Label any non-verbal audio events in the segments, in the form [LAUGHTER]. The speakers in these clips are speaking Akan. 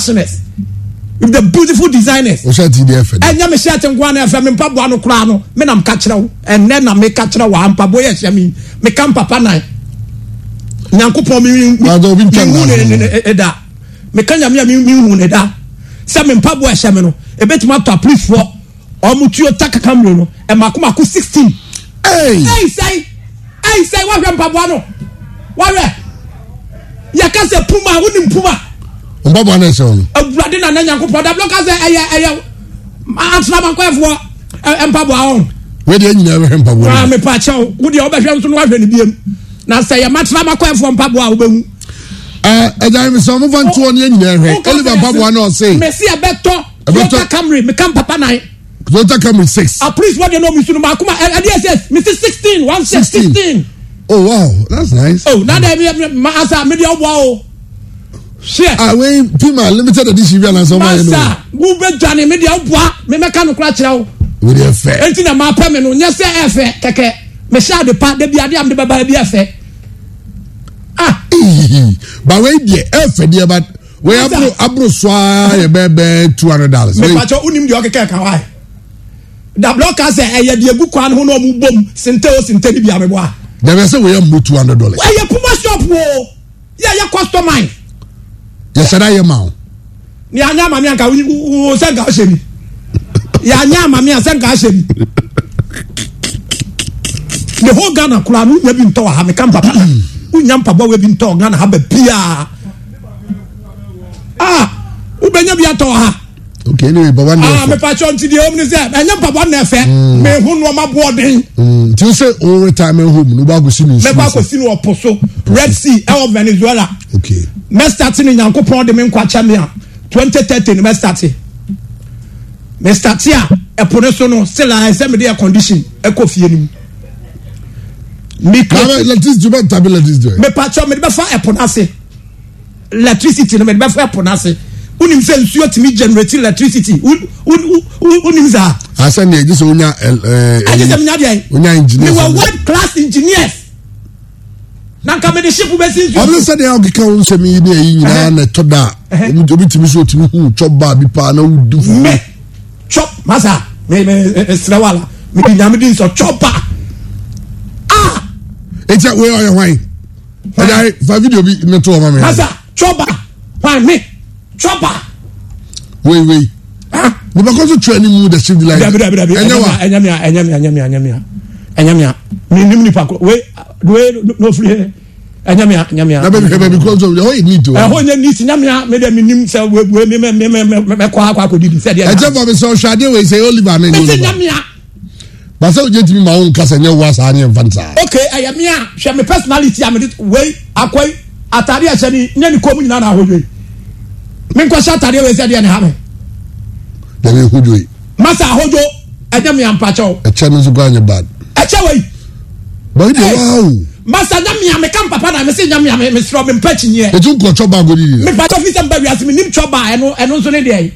fashioners with the beautiful designers. o ṣe ti di ẹfẹ. ẹ ǹyẹn mi ṣe ti nkun ana ẹfẹ mi mpaboa no kura no mi nam kakyira wo ẹnẹ na mi kakyira wo ampaboa yẹ ṣe mi mi ka mpapa nan nyankopɔn mi mi mi hu ne e da mi ka nyamia mi mi hu ne da sɛ mi mpaboa ɛhyɛ mi no ebetuma to apilifoɔ ɔmo tuo ta kaka mi no ɛmako e mako sixteen. ɛyi sɛyi ɛyi sɛyi wahwɛ mpaboa no wahwɛ yɛ kasa puma wunim puma mbɔbɔ ne nsɛm no. awurade na ne nyankopɔ dabilo kasa ɛyɛ eh, ɛyɛ eh, eh, atinamakɔɛfoɔ mpaboa wɔn. wɛdi ɛnyina ɛbɛhwɛ mpaboa. waa ah, mipa kyɛw wudi a ɔbɛhwɛ nso wahwɛ ne biem na sɛ yɛ matinamakɔɛfoɔ mpaboa a ɔbɛhu. ɛɛ ɛgya mi sɛ ɔmo fa ntoɔ ne ɛnyina ɛhwɛ oliver mpaboa na ɔse. mesi ɛbɛtɔ toyota camry mika papa nan. toyota camry six. a police wɔ oh wow that's nice. oh na de mi ma asa mi de ɔbɔ o seɛ. Ah, àwọn pima limited edition bi alansan ọmọ yẹn nù. masa wo bɛ dwani mi de o bua mi mɛ ka nukura kyerɛ o. o de yɛ fɛ. eti na maa pɛ mi no n yɛ sɛ ɛ fɛ kɛkɛ mɛ se adi pa debi adi am de bɛ ba ebi ɛ fɛ. ah bawo ebie ɛ fɛ diɛ ba wɔ aburo aburo sɔa yɛ bɛ bɛ two hundred dollars. mɛ pàtó unim de ɔkekɛ kan wa dabulɔ ka sɛ eh, ɛyɛ eh, diɛ gu kwan ho na ɔmu bom sente o sente ni bi a bɛ bɔ a. dɛbɛ sɛ wòye mu two hundred dollars. ɛyɛ kuma shop wo yɛ yɛ customize yɛsɛda yɛ ma o. ni anya maame a nka wo sɛ nka ahyɛ mi yanya maame a sɛ nka ahyɛ mi ne ho ghana koraa no wonya bi ntɔ wɔ ha meka mpapa wonya mpabɔ wa bi ntɔ wɔ ghana ha baabiaa a wobɛnya bi atɔ wɔ ha okay anyway but one day ah mepa chọ nti di home ni sẹ ẹnyẹ mpabọ na ẹfẹ mi mm. hu nu ọma bọ ọdin. nti mm, o sẹ o retirement home n'o b'a gosi ni nsu. mẹba gosi ni ọpọ so red sea ẹwọ venezuela okay mɛstart no nyankopɔn de me nkwakyɛ me a 2030 no mɛstart mɛstart a ɛpo no so no still ayɛ sɛ mede acondition ɛkɔ fie no mu mepakyɛ mede bɛfa ɛpo no ase electricity no mede bɛfa ɛpo no ase mi sɛ nsuo tumi generate electricity wonim saa asɛ ne agye sɛ wonya agye sɛ menya deɛ mewɔ world class engineers na nka mede ship bɛsi nsu. ɔno sɛdeɛ ɔkeka wo nsɛm yi ne ɛyi nyinaa na ɛtɔ da obi tumi so otumi hu twɔ baa bi paa na wodi fu. mɛ twɔ masa mɛ mɛ ɛsrɛ e, e, wa la mɛ di nyame di nsɔ twɔ baa aa. Ah! eti a wei ɔyɛ hwan ɛdi ayi fa video bi ne to ɔma mi. masa twɔ baa hwan mi twɔ baa. wei wei nibakɔ so twɛ ni mu de shift line. dabi dabi dabi ɛnyɛ wa ɛnyɛ mi a ɛnyɛ mi a ɛnyɛ mi a ɛnyɛ mi a ɛnyɛ mi a mi nimu nipa koro wei n'ofiri ɛnyamia eh, nyamia. na bɛbi bɛbi kɔnso ɛhɔ yi niiti o. ɛhɔ yi niiti nyamia mi dɛ mi nim sɛ wo wo mi mɛ mɛ mɛ kɔ akɔ akɔ didi sɛ deɛ. ɛjɛ fɔ mi sɔ suade wei sɛ oliver ne ni oliver. mi sɛ nyamia. basa oye timi maa n kasa nye wa saa nye nfa nsa. ok ɛyɛ mi a sɛ mi personality a wei akɔyi atade ɛsɛ ni nye ni kɔmu nyinaa na ahodoɔ yi mi nkɔ sɛ atade wei sɛ deɛ ni ha mi. dɛbi ahodoɔ masa ahodoɔ ɛnyamia mpakyɛw. ɛkyɛ mi nso kɔ anyi bad. ɛkyɛ wei bɔn de wa o. masa nyamia mi kan papa na mi se nyamia mi mi sɔrɔ mi mpɛ kyiniyɛ. etu nkɔ tɔ baa godi yɛ. mi pa tɔfi sɛ nbɛ wiase mi ni tɔ baa ɛnu ɛnu nso ne deɛ.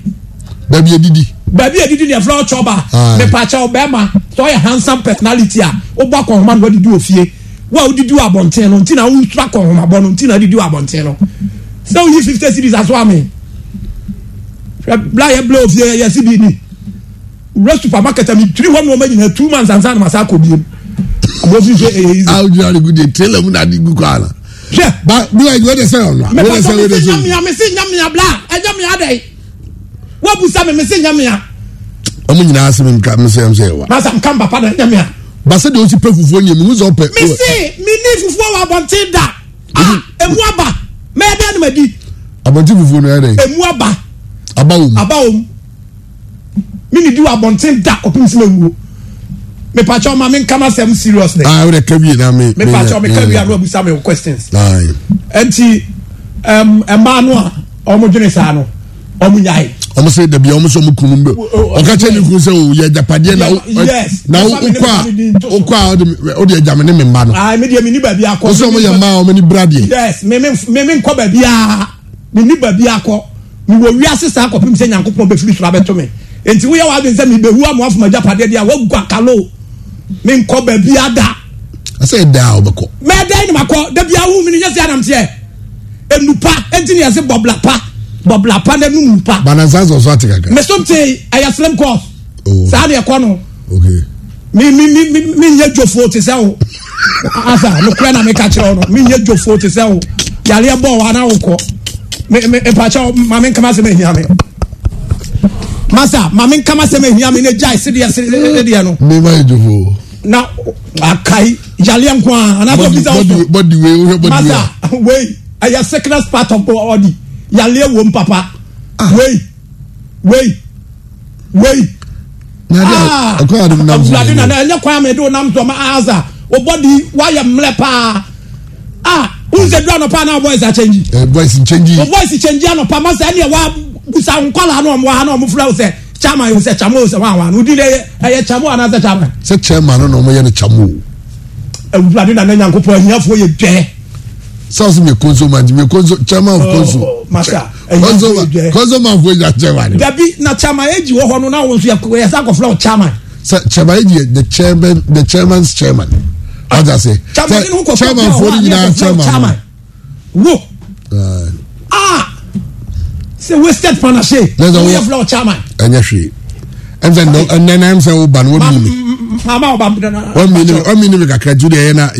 bɛɛbi yɛ didi. bɛɛbi yɛ didi deɛ fula tɔ baa mi pa kyɛw bɛɛma sɔ yɛ handsome personality ah. a o bɔ akɔnhoma na o didi o fie wa o didi o abɔnten no ntina o tura akɔnhoma bɔ no ntina o didi o abɔnten no sɛ o yi fifty series aso ami bla yɛ bla o fie yɛ si bi ni supermarket mi tiri hɔ mi wɔn mɛ nyina two months ansan na wofin se eye yi. aw jira de ko de tere mu na di gu ko a ba bi wa wo de sɛ ɔnua. mɛ mi se nyamuya mi se nyamuya bila ɛ nyamuya dɛ wo busa mi mi se nyamuya. ɔmu nyinaa se mi nka mi se mi wa. masa nka papa dɛ nyamuya. basa de o ti pɛ fufuo nye mi n sɔ pɛ. mi se mi ah, ni fufuo wa abɔnten da. emu aba mɛ ɛ dɛ ni ma di. abɔnten fufuo ni ɛ dɛ. emu aba. aba mu. aba mu. mi ni di wa abɔnten da o tun si wu mepatwa ma mi nkama sɛm seriously. aa ah, o de ka wiye na mi. mepatwa mi ka wiye anu abusa mi o questions. nti mmaa no a wɔn dwene saa no wɔn nyae. wɔn sɛ dabi wɔn sɛ wɔn kunu mbɛ ɔka kyerɛ ne kunu sɛ o yɛ japadeɛ na na o kɔ a o kɔ a o de ɛgya mi ne ah, mi mma no. aa mi deɛ mi ni baabi akɔ. o sɛ wɔn yɛ mmaa wɔn ni bradeɛ. yes mi mi mi nkɔ baabi a mi ni baabi akɔ mi wɔ wiase saa akɔ pim sɛ nyankopɔn bɛ firi soro abɛto mi nti woyɛ wa adi sɛ mi bɛ hu amu afɔmajapadeɛ deɛ a wɔgu akalo menkɔ baabi ada ɛsɛ daa wobɛkɔ mɛdɛn ne makɔ da bia wo mene nyɛ sɛ anamteɛ ɛnupa ɛnti ne yɛse bɔbla pa bɔbla pa na num pa banansa sɔ so ate kakra mesomte ɛyɛ slim cos saa ne ɛkɔ no menyɛ dwofoɔ te sɛ wo asa nokorɛ na meka kyerɛ wo no menyɛ dwofoɔ te sɛ wo yareɛ bɔɔ wo ana wokɔ mpakyɛ ma menkama sɛ mahia me masa ma menkama me mahia me ne gyae sedeɛ sedeɛ no mema yɛ dwofoɔ na akai yale nko a anabɔ bi sa body body wey o hɛ body wey masa wey ɛyɛ sickness part of body yale wo n papa wey wey wey aa abudulayi nana ɛnyɛ kwan mi de o nam tɔmɔ aza o body wayɛ mlɛ paa aa ah, nse do anɔpa na voice a change. ɛ eh, voice change. o voice change anɔpa masa ɛni ɛwa busa nkɔla anɔ ɔmo wa anɔ ɔmo chairman yi sɛ chairman yi sɛ wan wan odi le ɛyɛ chairman anaa sɛ chairman. sɛ chairman no na ɔmo yɛ ne chairman o. ewurade na ne nyankopɔ ɛhiafo yɛ dwɛ. sọ́ọ̀sì mi kóńsó ma mi kóńsó chairman of kóńsó kóńsó kóńsó ma fo ìjà chairman. dabi na chairman eji wɔ hɔ no na wɔn nso yɛ yasa akɔfra o chairman. sɛ chairman eji eh, yɛ the chairman the chairman's chairman. ɔjà sɛ sɛ chairman fo ni nyinaa chairman. wo aa sɛ wasted panase woyɛ fla chairman ɛnyɛ hwee ɛnɛnɛm sɛ woba no oh, wamini me kakra tu deɛ yɛna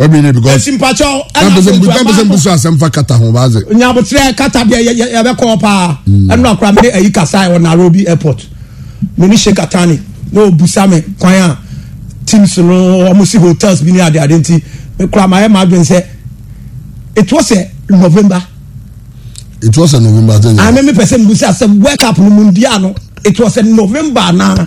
yɛnyɛneɛmpɛsɛ mbuso asɛm fa kata ho baase nyabotrɛ kata deɛ yɛbɛkɔɔ paa ɛno akora mene ayi kasae wɔ narobi airport mene hye katane na ɔbusa me kwan a teams no ɔmo si hotels bi ne adeade nti mekora maayɛ ma adwene sɛ it was a eh, november it was in november ten jan. àmì mi pèsè mbùsí àṣẹ world cup ni mo di àná it was a november náà ah,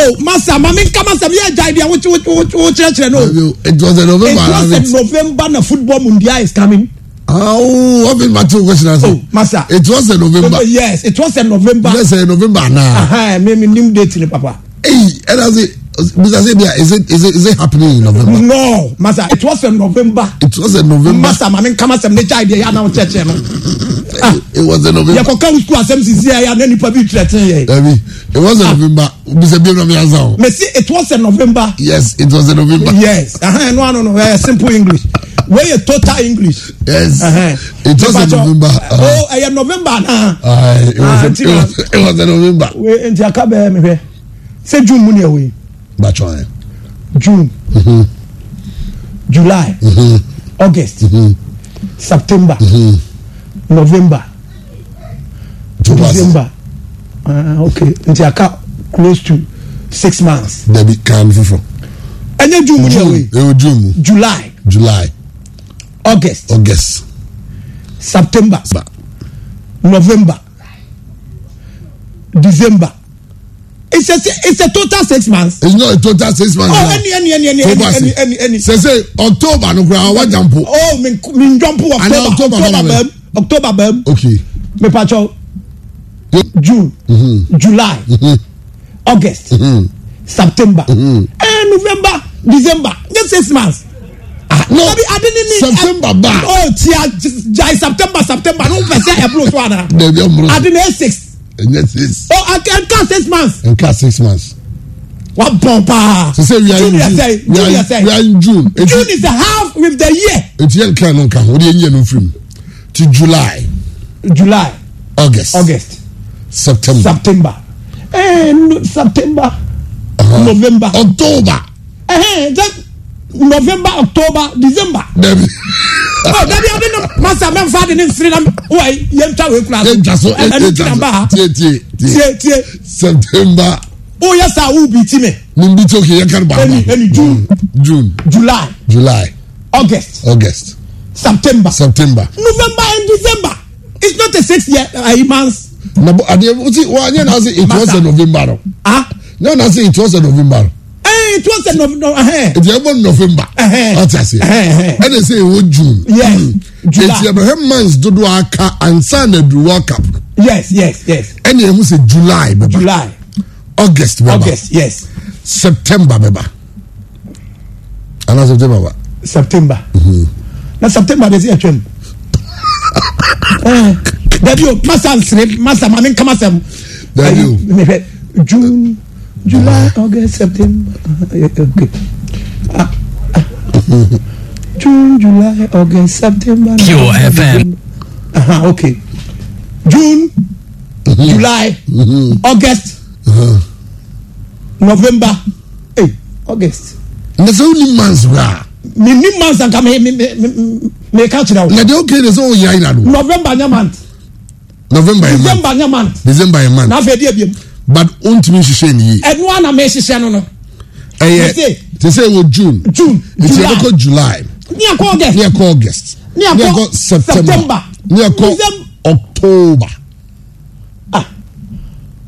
o oh, masa maami nka masa mi yẹ ja ibi awo wo kyerɛkyerɛ no. it was a november it was a november na football mundial is coming. awo wọ́n fi ma ti o question answer. o oh, masa it was a november. Oh, yes it was a november. yes a november náà. mi mi nim date ni papa. eyi ẹ na se. Mr. Sebia, is it is it is it happening in November? No, Master, it was in November. It was in November. Master, I mean, come and say, idea now church. Ah, it was in November. Yako kawu school asem sisi ya nani pabi threaten ye. Dabi, it was in ah. November. Mr. Sebia no me azao. Me see, it was in November. Yes, it was in November. Yes, aha, uh-huh, no no no, simple English. wey ye total english. yes uh -huh. it was in november. Oh, uh-huh. Uh -huh. oh ẹyẹ november na. Ah, it was it was, in november. We nti aka me be. hwẹ june mu ni ẹ Bachoan. June. Mm-hmm. July. Mm-hmm. August. Mm-hmm. September. Mm-hmm. November. Two December. Uh, okay. Nti aka close to six months. Dabi kan fufu. Ẹyẹ June mu ni ẹwẹ. July. July. August. August. September. Ba. November. December it's a it's a total six months. it's not a total six months. oh any any any any any any any. ẹni. sese october nukura awa jampo. oh mi mi jampo october Ana october bẹẹm october bẹẹm. okay. mi pàtó june mm -hmm. july mm -hmm. august mm -hmm. september mhm. eh, november december just six months. Ah, no eh. september ba. oh tia jai september september no fẹsẹ ẹ April one ana. debi ọmọ. adi na eh, six ɛnyɛ six. o nka six months. nka six months. wa bɔn paa. sise we are in june we are, in june. june is the half with the year. eti yɛn kan no nka o de yɛ nyɛ no firim ti july. july. august. august. september. september. ɛɛ eh, september. Uh-huh. november. october. ɛhɛn eh, eh, jɛ november october december. dabi ọ dabi a bɛ na masa mɛ nfa de ni nsiri na wa ye n ta o ye kura. e jaso e e jaso tie tie tie tie september. o yɛ sa o bi ti mɛ. nin bi ti o k'i yɛ kari ba. ɛni ɛni june mm, june july july august august september september november and december it's not a six year uh, months. na bo adiẹ o ti wa n yẹn na se it was a november. ah n yẹn na se it was a november it was a eh, eh. november. ètò yẹn bọ november ọtí ase ẹna ẹsẹ ìwọ june ètò abraham mans dodo aka ansa na du world cup. yes yes yes. ẹna ehun sẹ july bẹba july august bẹba august yes september bẹba ana september wa. september mm-hmm. na september de si ẹ twẹ mu dabi o masa nsire masa maame nkama sẹmu. dabi o oh. june. July, August, September. Eh, eh, okay. Ah, ah. June, July, August, September. QFM. Uh-huh, okay. June, mm-hmm. July, mm-hmm. August, uh-huh. November. Hey, eh, August. Na sɛ woni months bra. Menni months anka meka kyerɛ wo. Na deɛ okay ne sɛ woyae na do. November nyɛ month. November yɛ month. December nyɛ month. December yɛ month. Na afei deɛ biam but ontumi nhyehyɛ ni yie. ɛnu ana mi hyehyɛ no no. ɛyɛ te sɛ wɔ june. june july nti yɛkɔ july. ní ɛkɔ august. ní ɛkɔ august. ní ɛkɔ september. ní ɛkɔ october. ah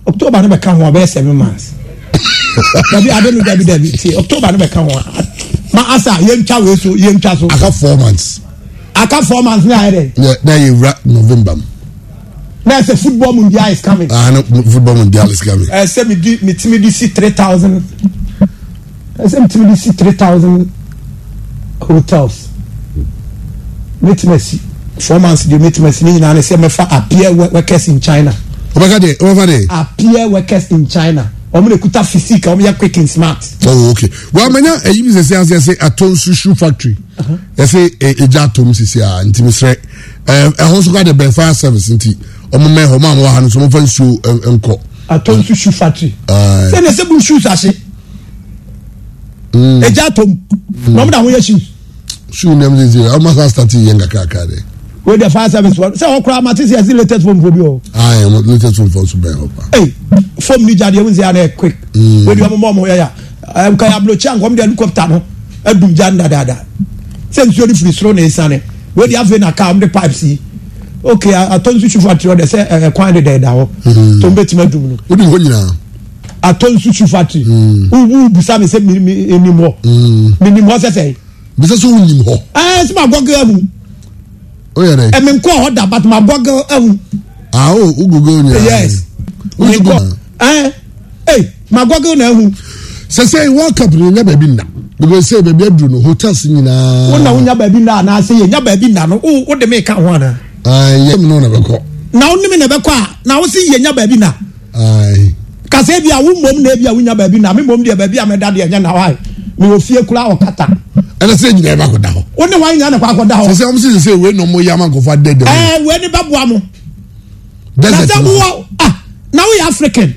october ne bɛ ka ho a seven months. dabi adenu dabi dabi ti october ne bɛ ka ho ma asa yɛn twa wo so yɛn twa so. aka four months. aka four months ne ayɛ dɛ. n'a ye wura november mu na sɛ football mundial is coming. ah no football mundial is coming. ɛ sɛ mi di mi ti di si three thousand ɛ sɛ mi ti di si three thousand hotels mi ti mi four months de mi ti mi si ne nyinaa ne mi fa appear workers in China. o bɛ ka de o bɛ fa de. appear workers in China wɔn de kuta physique wɔn yɛ quick and smart. ɔwɔ oh, ok wa manya eyi eh, mi sese ase ase atonsu shoe factory yɛ uh-huh. eh, se eh, eja atom sisi a ah, ntumi srɛ ɛɛ ɛhɔn so ka de fire service nti ɔmo mɛ hɔ maa mo wɔ ha no nsuo nkɔ. atɔ nsu shoe factory. sani ɛsɛ bu shoes ase. ɛgya atɔm na ɔmo da ho yɛ shoes. shoe nɛɛm sisi yɛ ɔmo asan start yɛn kakraka de. wey de fire service wɔn sɛ ɔkura ama sisi ɛsi latest form fo bi o. ayi mo latest form fo nso bɛn o ee form ni jaade ewusi ana yɛ quick. wey de ɔmo mɔ ɔmo yɛ ya nka yabulokyi ankɔm de helicopter no ɛdum jaade dadaada sɛ nsuo ni firi soro na esane wey de afei na car ɔmo de pipe si ok atɔ nsu sufu atiri hɔ de sɛ ɛɛ kwan de da ɛda hɔ to n bɛ tuma dum no. o de hɔ nyinaa. atɔ nsu sufu atiri. wu busa mi sɛ mi mi enim hɔ. mi nim hɔ sɛsɛ. bisa so wu nim hɔ. ɛɛ sɛ ma bɔ gɛ ɛwu. o yɛrɛ. ɛmi nkɔ hɔ da bat ma bɔ gɛ ɛwu. aa o o gogo nyinaa. yes o ti gbɔ ɛɛ ee ma bɔ gɛ na ɛwu. sɛsɛ world cup ni n yɛ baabi na gbogbo sɛ baabi aduru no hotels nyinaa. wọn na wọn nya baabi na anaasɛ yɛ nya baabi na no o de mi ka ho ana yɛ mu na bɛkɔ. na wo nimi na bɛkɔ a na wo si yɛ nya baabi na. kasa ebi a wo mom na ebi a wo nya baabi na mi mom deɛ baabi a mi da deɛ nya na wa yi mi wɔ fie kura ɔkata. ɛna sɛ nyina ɛba e akɔda hɔ. wo ne wa nyina ne kɔ akɔda hɔ. sɛ ɔmo sisi sɛ wei na ɔmo yɛ ama nkɔfɔ adɛ dɛm. ɛɛ eh, wei ni bɛ bu amu. desert na wɔ ah na wo yɛ african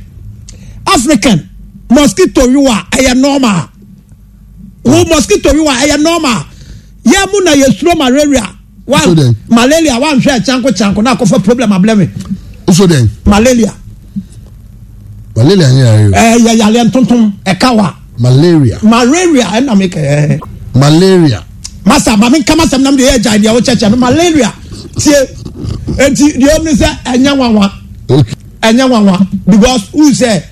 african mosquito wiwa ɛyɛ e normal ah. wo mosquito wiwa ɛyɛ e normal yɛ mu na yɛ suro malaria wa malaria wa nhwɛ kyanko kyanko na akɔfɔ problem abilɛmi. nso den. malaria. malaria n yɛrɛ ye. ɛɛ eh, yɛ yalɛ ntuntun ɛka wa. malaria. malaria ɛna mi kɛ. malaria. masa maame nkama sɛm nam de yɛ gya deɛ wɔkyɛkyɛ mi malaria tie eti eh, deɛ omi sɛ ɛnyɛ eh, nwanwa. ɛnyɛ nwanwa because n sɛ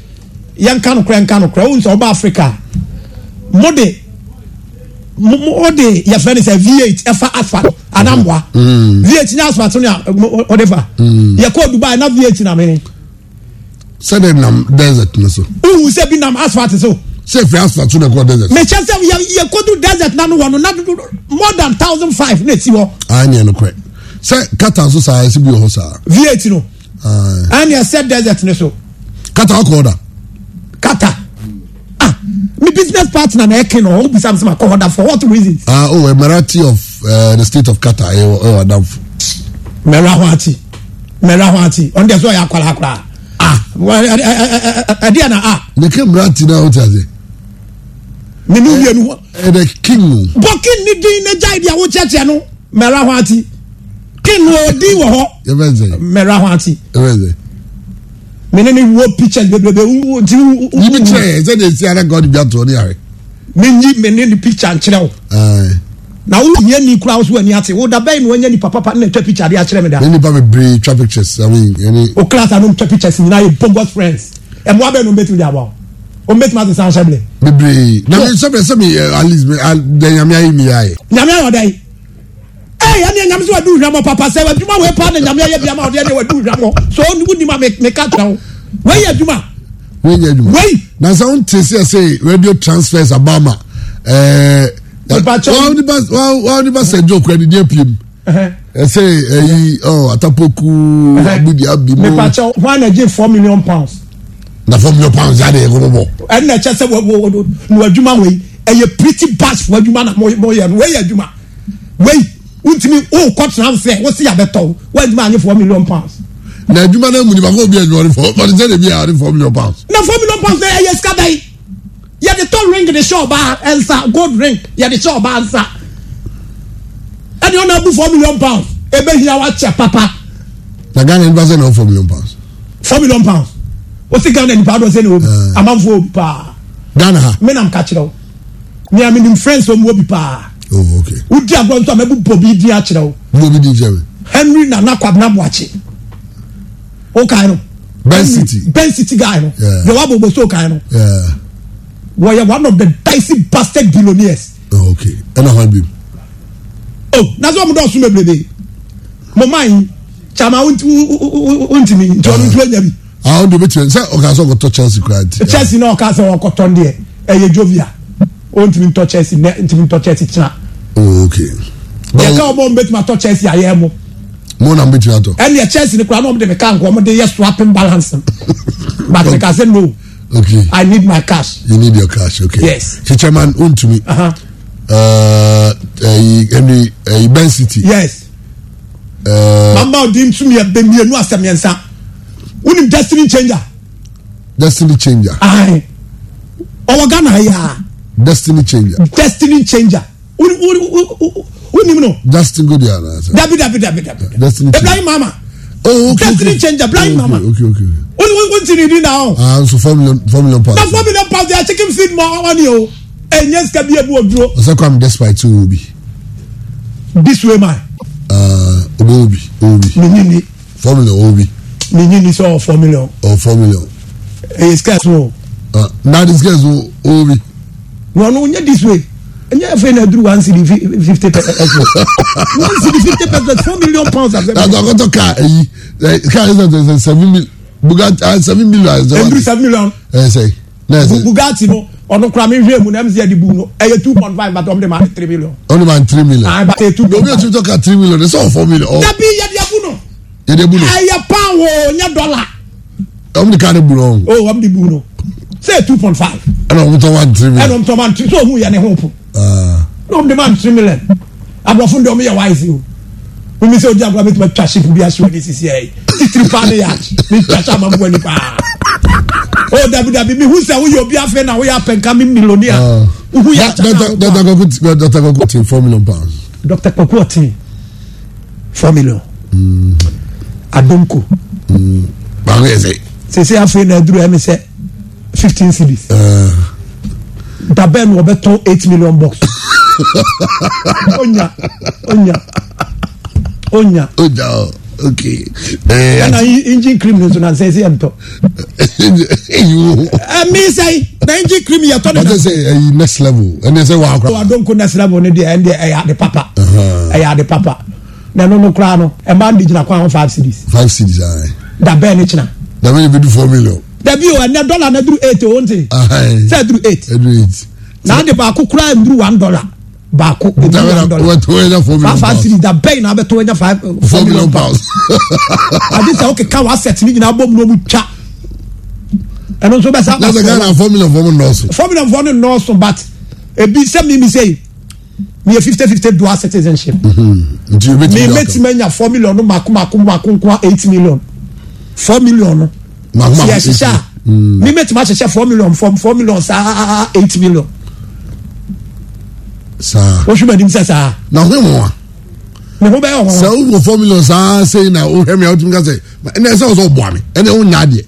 yɛn kan korɛ nkan korɛ Who sɛ ɔba africa mo de mo de yɛ fɛ ne sɛ v8 ɛfa asfalt anamboa vh ne asopate ne ɔde fa yɛkɔɔ dubai na vh na mene sɛde nam desert no so wohu sɛ bi nam asopate so sɛ firi asopate so na ɛkɔ desert mekyɛ sɛ yɛkɔdu desert na no hɔ no na more than thousand five na ɛsi hɔ aneɛ nokorɛ sɛ kata so saa ɛsɛ e bi wɔ hɔ saa vh no aneɛ sɛ desert ne so kata ɔkɔɔ da kata ah me business partner na ɛke e no ɔwobisa m sɛ makɔ hɔ da for what reasons ah, oh, emirati of uh, the state of qatar ɛyɛ eh, ɔyɛ eh, ɔdanfo. mɛra hɔn ati mɛra hɔn ati ɔn tɛ so ɔyɛ akɔlakɔla ɛdi yɛ na a. ne ke mura ti na o ti a se. mímí nu hɔ. ɛdɛ king o. bɔ king ni din ne ja ibi awo kyɛkyɛ no mɛra hɔn ati king o din wɔ hɔ. yɛ bɛ n sɛ. mɛra wo pictures bebrebe wo ti wo. yi bi kyerɛ yɛ sɛ de esi ara god bi ato ne yare. mi yi mene ne picture nkyerɛ o na wo nyɛ ni kura so ani ate wo da bɛyi na wɔnyɛ nipa papa na twa picture de akyerɛ mi da. ne nipa bebree twa pictures i mean yanni. o class anum twa pictures nyinaa yɛ bongos friends ɛmoa bɛyɛ na o bɛ tumi de aba o o bɛ tumi asesan sɛbile. bebree na mi sɛbile sɛbi ɛ alice dɛ nyamia yi eh, mi y'a ye. nyamia yɛ ɔda yi ɛ yanni yɛ nyamisa wa du nhwamɔ papa sɛ adwuma wo epa ne nyamia yɛ bi ama ɔdi yɛ ne wa du nhwamɔ so onugu ni ma mi ka tẹ o wei yɛ adwuma. wei yɛ adwuma wei. na sɛ n tɛ se ɛsɛ radio transfers abama ɛɛ. Uh, eh, wàá nípa sẹjọ kura ni ní ẹpì mu ẹsẹ ẹyi atapoku abidi uh-huh. abimu. mipatsɛ wọn na gye four million pounds. na four million pounds yà de ẹ kó bọ. ẹni na kyẹ sẹ wọ wọ wọ adwuma wei ẹ yẹ pretty bash wọ adwuma na mo yẹ no wei yẹ adwuma wei ntumi o kọ tena nfẹ o si abẹ tọ wọ adwuma four million pounds. na adwuma náà mu nípa kó o bí ẹ nyọrin fọ ọmọdé sẹ de bi yà four million pounds. na four million pounds ẹ yẹ sika bẹ́ẹ̀ yɛde tɔ ring de hyɛ ɔbaa nsa gold ring yɛde hyɛ ɔbaa nsa ɛne ɔna abu four million pounds ebehia wakyɛ papa. na ghana nipa sɛ na ɔ four million pounds. four million pounds o si ghana nipa dɔ sɛ na o bi amanfo o bi paa. ghana ha mi nam kakyerɛ o nea mi nim friends o mu o bi paa. oh okay. o di agorɔ nso a mɛ bu bobi di akyerɛ o. bobi di kyerɛ mi. henry nana kwabena buakye o kan no. ben city ben city guy no. yɛ wa bobo so o kan no. Yeah wɔyɛ one of the dicey bastard billionaires. Oh, okay ɛna hɔn Oh, o na sɛ ɔmo dɔn ɔsùn bebrebe mo maa yi kyama ntumi nti ɔno ntumi nya bi. àwọn de bi tiɲɛ sɛ ɔka sɛ ɔkɔtɔ chelsea kura ti. Ah. chelsea náà ɔka sɛ ɔkɔtɔ deɛ ɛyɛ jovia o ntumi ntɔ chelsea nɛ ntumi ntɔ chelsea kyina. o oh, okay. yɛ oh. ká ɔmɔ mbɛtuma tɔ chelsea ayɛ mo. mo na mbɛtuma ato. ɛnni ɛ chelsea ni kura n'ɔmo de mi ká nkɔ ɔmo de yɛ swapping balance. [LAUGHS] but ɛka no. Okay. I need my cash. You need your cash, okay. Yes. So chairman, own to me. Uh-huh. Uh, Henry, uh, Ben City. Yes. Uh, Mama Odim to me, Ben Mie, no asem yensa. Unim destiny changer. Destiny changer. Aye. Owa Ghana ya. Destiny changer. Destiny changer. Unim no. Destiny go there. Dabi, dabi, dabi, dabi. Destiny changer. Ibrahim Mama oh okay okay. changer blind okay, mama okay okay wọ́n ní wọ́n ti ní do now. ah so four million four million pounds. na four million pounds yà chicken feed more ọwọ́ ni and yes, can be sika bí ebu oduro. ọ̀sẹ̀ kọ́ àmì despite tí o this way my. ọbẹ̀ uh, obi obi. mi ní four million obi. mi so ni sọ four million. ọ oh, four million. èyí sika sùn o. náà di sika sùn obi. wọn ò ní this way ɛnyɛ afei na aduru one cd fifty percent one cd fifty percent four million pounds. azakoto kaa eyi kaa ɛsɛ ɛsɛ seven million bugatti seven million. ɛduru seven million. ɛsɛ ɛsɛ bugatti no ɔno kura mi hwɛ mu na mc ɛdi bu no ɛyɛ e two point five but ɔmo de ma three million. ɔmo ma three million. ayi ba ɛyɛ two point five. obi ɛtutu ka three million ɛsɛ ɔfɔ four million. dabi yɛdi ɛbu no. yɛdi ɛbu no. ɛyɛ pound o nye dollar. ɔmo de kaa de bu no. o ɔmo de bu no. sɛ two point five. ɛna ɔmo tɔ one three million. ɛna ɔmo tɔ one three so ohun yɛ ne ho po na ɔmu de ma three million aborɔfo ndé ɔmu yɛ wáyé o omi sɛ odi agorɔ mi tuma twa ship bi aso ne sisi yɛ titiri paa ne yɛ mi twa sɛ ama bɔ ni paa o dabi dabi mi hu sɛ woyɛ obi afɛ na woyɛ apɛnka mi miloni a hu yɛ ata na o pa dɔkita kɔkɔ ti four million pounds. dɔkita kɔkɔ ti four million. Mm. adomko. Mm. báwo yẹ sẹ. sese afei na aduru ɛmi sɛ fifteen cedis. Uh dabẹ nu ọbẹ tán eight million bucks. [LAUGHS] onya onya onya. onya o ok. ẹnna engine cream ni sunan sẹ ẹ sí ẹ ntọ. eyi wo. ẹ na engine cream yẹ tọ de na. ọjọ sẹ ẹyi next level ẹni ẹsẹ wà á kura. wà á dọ́nkọ next level ni diẹ ẹni ẹ yà á papa ẹ yà á papa na ẹnu kura no ẹ máa ń di gyina kó àwọn five series. five series ayi. dabẹ ni kyina. dabẹ ni bi du four million dabi o ɛnɛ dɔla na duru eight o n ti eh. sɛ duru eight na de baako kura n duru one dollar baako n duru one dollar fafa siri da bɛyi na a bɛ to ɛnyɛ five four million pounds adi sɛ o keka wa set ni nyinaa bɔ mu n'omu twa ɛnu nso bɛ sa. n'a sɛ ghana four million four million nɔɔso. four million four million nɔɔso but ebi sɛ mi mi se yi mi ye fifty fifty dual citizenship. Mhm. mi mɛ ti mɛ nya four million mako mako mako nkwa eight million four million yɛ hyehyɛ a mi mi tuma hyehyɛ four million four four million saa eight million. saa wosu ma nim sɛ saa. na ho mu a. ne ho bɛyɛ ɔhɔn. sɛ o ko four million saa seyi na o hɛmi a o tun ka sɛ ɛnna ɛsɛ ɔsɔ bɔ ami ɛnna o nya adiɛ.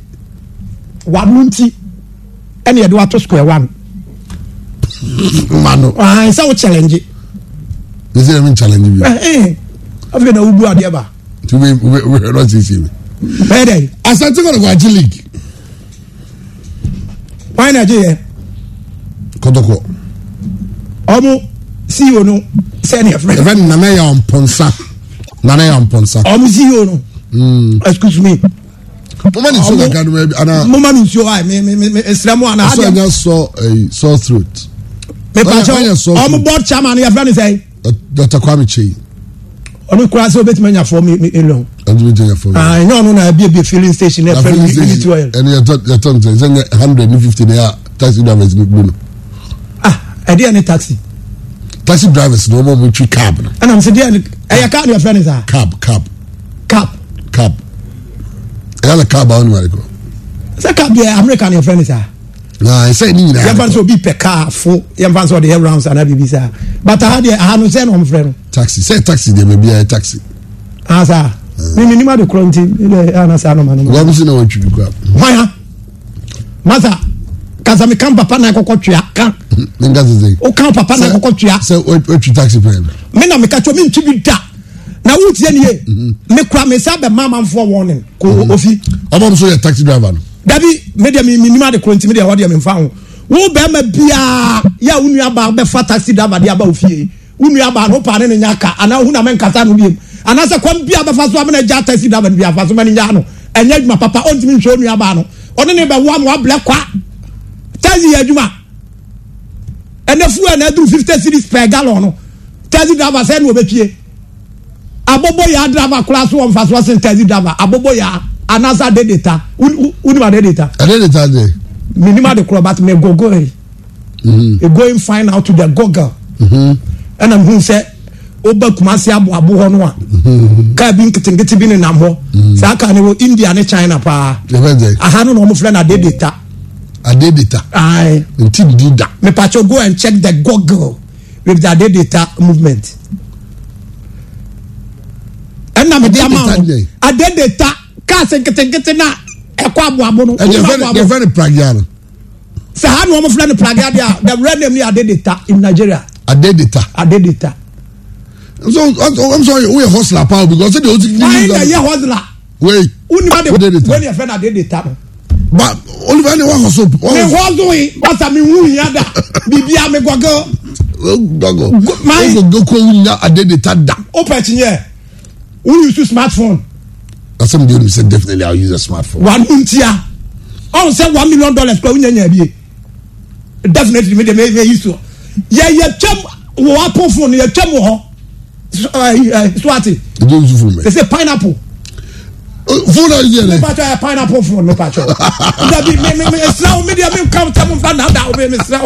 wa mu nti ɛnna yɛ de wa to square one. mmanu. ɛn sɛ o challenge. n sɛ mi challenge bi. ɛn ɛn afei na o bu adiɛ ba. ti o o bɛ o bɛ yɔrɔ sisi mi bẹ́ẹ̀ dẹ̀. asante kọ̀dọ̀kọ̀ àjí league. wáyé nàá jẹ́ yẹ. kọ̀dọ̀kọ̀. ọmú ceo nu sẹ́ni ẹ̀fẹ́. ẹ̀fẹ́ ni nana yà ọ̀npọ̀nsa nana yà ọ̀npọ̀nsa. ọmú ceo nu. Mm. excuse me. mo ma ni nsuo kankan no ma bi ana. mo ma ni nsuo ayi ah, mi mi mi esiramu ana. ọsọ yẹn yẹ sọ ẹyi sore throat. mepatso ọmú board chairman yẹ fẹ́ ni sẹ́yìn. dr kwame cheyi. ọdún kura sẹ́ o bẹ́ẹ̀ ti ma nya fọ́ mi mi elu ɛnyɛ ɔno na abiebie filling station na ɛfɛ unity oil ɛne yɛtɔ ntɛ sɛ nyɛ hundred ne fifty ne a taxi drivers ne bu ah ɛdeɛ ne taxi taxi drivers na wɔn a wɔtwi cab no ɛnam sɛ deɛ ɛyɛ car deɛ fɛn ne saa cab cab cab cab ɛyɛ na cab awo ne ma de kɔ sɛ cab deɛ america ne fɛn ne saa naa ɛsɛ ni nyinaa yɛn fa so obi pɛ kaa fo yɛn fa so ɔde yɛ rounds ana bibi saa bata ha deɛ aha no sɛ na wɔn fɛ no taxi sɛ taxi deɛ mɛ bi yɛ taxi. asa. Ah, mímí ní madu kúrò ntí ilẹ̀ anasa anoma anoma. wọ́n sìn náà wọ́n twi kura. wọ́n ya masa kasami kan papa na koko tuya kan. mi n ka sese. [LAUGHS] o kan papa na koko tuya. sẹ o o tu taxi fẹ. mi na mi ka tí mi n tu da na o tiẹ nin ye mhm. mi kura mi sá bẹ maa ma fọ wọn ni ko mhm. o fi. ọmọ muso yẹ taxi driver nù. dabi mi de mi ni ma de kúrò ntí mi de ọwọ́ de mi fa wọn wo bɛrima biara yà wúnú yà bá bɛ fa taxi driver de ba bá òfin yìí wúnú yà bá n'o pa ne ni yà ká àná wúnú àmẹ́ nkata nù bíyẹn anaasɛ kwan bi a bɛfa so amena gya ata si da bi afa so mɛni nya ano ɛnyɛ adwuma papa ɔntumi nhwɛ onua baa no ɔne ne bɛwo ama wabrɛ kwa taxi yɛ adwuma ɛnɛ fuel na ɛduru fifty series per gallon no taxi driver sɛ ɛna ɔbɛpie abɔbɔ yaa driver koraa so wɔn fa so ɔsɛn taxi driver abɔbɔ yaa anaasa adedeta wunima adedeta. adedeta de. minima de kura but me gogo ye. Mm-hmm. e going fine out to the gogo, ɛna n kun sɛ woba kumase aboabo hɔ no a kaa bi nketenkete bi ne hɔ saa kaa ne wɔ india ne china paa aha no na ɔmo frɛ no adebita adebita ae nti di da mepatwo go and check the google with the adebita movement ɛnna mede ama wo adebita cars nketenkete na ɛkɔ aboabo no yɛfɛ no pragya no sɛ ha na ɔmo frɛ no pragya deɛ a the red name ne adebita in nigeria adebita adebita So I'm sorry, we are hustler pal? because they don't think. Why are you hustler? Wait. Who did it? When your friend did it, but olùfẹ́ ni wọ́n hustle. mi hustle yi bàtà mi wú yín ada bìbí àmì gbọ̀ngàn. o gbàgbọ́ o gbàgbọ́ kó o nya adédèta da. o pẹ̀ yẹ o use smartphone. lásán mi di olùsẹ definitely i will use a smartphone. wà á nù ntíya ọ̀hún sẹ́ one million dollars pẹ̀lú yẹn yẹn bi definitely mi dẹ̀ mi yẹ yí so yẹ yẹ twẹ́ wọ́n á phone. fóònù yẹ twẹ́ mu hàn swati. james vume. they say pineapple. fún náà yé ni. nípa tí wọ́n yẹ pineapple fún ọ nípa tí wọ́n. ndabi mi mi mi sinaw mi diẹ mi nkan tẹ́ mu nfa náà da omi mi sinaw.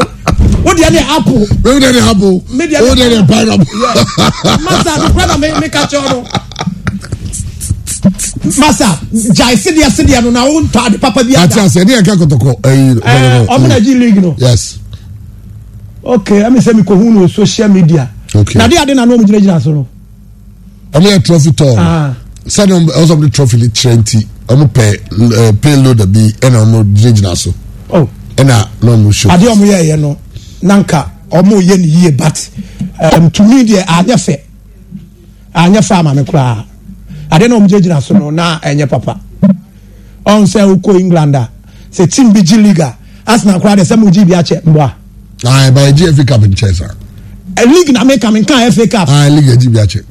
o diẹ ni apple. mi diẹ ni ni apple. o diẹ ni pineapple. masa nukura na mi mi ka kyerɛ no. masa jai sidiya sidiya no na o n tɔ adi papa bi a da. ati ase ni ɛka kɔtɔkɔ ɛyi. na ji league no. yes. okay ɛmi sɛ mi ko hun no social media okay na de ade na na ɔmo gyinagyina so no. ɔmo yɛ trophy tɔɔ ah. sani ɔsɔ ɔmo de trophy ne kyerɛ nti ɔmo pɛ eh, payload bi ɛna ɔmo gyinagyina so oh. ɛna na ɔmo show. ade ɔmo yɛ yɛ no nanka ɔmo yɛ ni yie but eh, tumi deɛ anyɛ fɛ anyɛ fɛ ama mi koraa ade na ɔmo gyinagyina so no na ɛnyɛ papa ɔn sɛ ɔkɔ england a sɛ team bi gyi liga arsenal koraa de sɛ mo gyi bi akyɛ mbɔa. Ah, ɛbɛn gfc cup nkyɛn saa league na meka menka fa cup ah league agyi bi akyɛ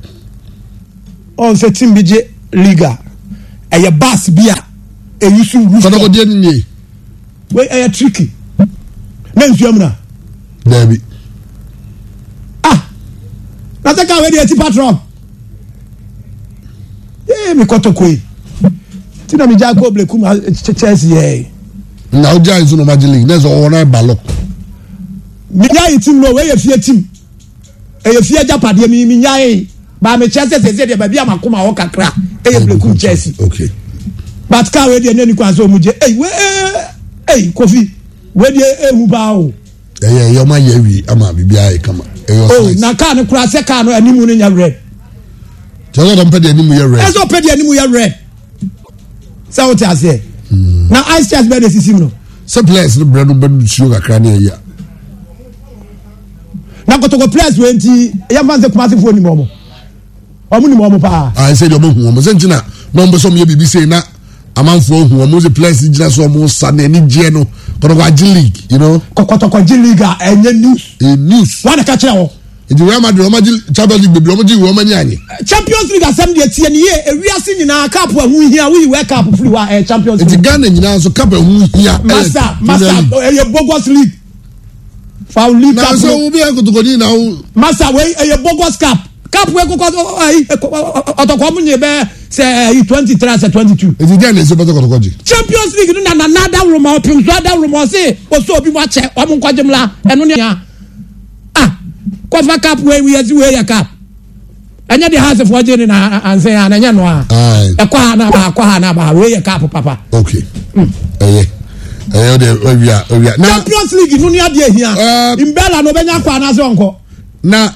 ɔn sɛ team bi gye e league a ɛyɛ bus bi a ɛyi so wu fɔ kɔdɔkɔdeɛ ni nie wei ɛyɛ e tricky na nsua mu na ah na sɛ kaa wei deɛ ti patron ee mi kɔtɔ koe ti na mi gya kɔ blekum e, chelsea yɛ. na o jaa nsu na o ma gye league ne sɛ ɔwɔ na mi yà yi team náà wei yɛ fie team ɛyɛ fie japadeɛ mi mi nya yi baami kyɛ sɛ sɛ sɛ deɛ baabi ama koma hɔ kakra ɛyɛ blekum chelsea but kaa wei deɛ nani kwan sɛ ɔmu gye ɛyi wei ɛyi kofi wei deɛ ehu baa o. ɛyɛ ɛyɛ ɔmo wi ama bibi ayɛ kama ɛyɛ ɔsan. Oh, na kaa no kura sɛ kaa no animu no nya red. sɛ ɔsɛ ɔpɛ animu yɛ red. ɛsɛ ɔpɛ animu yɛ red sɛ ɔte aseɛ. Hmm. na ice chest bɛɛ de sisi mu no. sɛ players no brɛ no bɛ nusuo kakra ne ɛyɛ na kɔtɔkɔ players wei nti yɛn fan se kumasi fo ni mɔmɔ ɔmu ni mɔmɔ paa. a n sɛ ɔmu hun ɔmu sɛ n na ɔmu bɛ sɔn mu yɛ bibi se na a ma n fɔ ɔmu sɛ players gyina so ɔmu sa na ɛni diɛ no kɔtɔkɔ aji league you know. kɔtɔkɔ ji league a ah, ɛnyɛ news. e news. wa de ka kyerɛ wɔ. èdè e, real madrid ɔmá jí champions league bèbè ɔmá jí ìwé ɔmá ní champions league asẹ́mu de tiẹ̀ nìyẹ ewíyásí nyinaa káàpù ẹ̀hún hìá wíyí wẹ́ káàpù fúli wa champions e, league. ètí ghana nyinaa nso káàpù ẹ̀hún eh, hìá. Eh, masa masa ẹ̀yẹ eh, bogus league fawuli cap. na so wo bi ekotoko ni na wo. masa wei eye bogus cap cap wey koko ọtọkọ mu nye bẹ sẹ eyi twenty three sẹ twenty two. èti díẹ̀ ní ìsopẹ́tọ̀ kọ̀tọ̀kọ̀ jì. champions league ní nana nada rumọ pinso ada rumọ sí oṣù obi mu akyẹ ọmọ nkọjẹ mu la ẹnu ni ya ah kọfà cap wey wiyẹ si wey yẹ cap ɛnyɛ de hase fɔ gye ne na anse ya na ɛnyɛ no a ɛkɔ ha na ba akɔ ha wey yɛ cap papa. ok mm. ɛyɛ. Mm. ɛyɛ eh, de owia owia. na champions league nu ni adi ehia. Eh, mbɛla na ɔbɛnya kɔ anase ɔnkɔ. na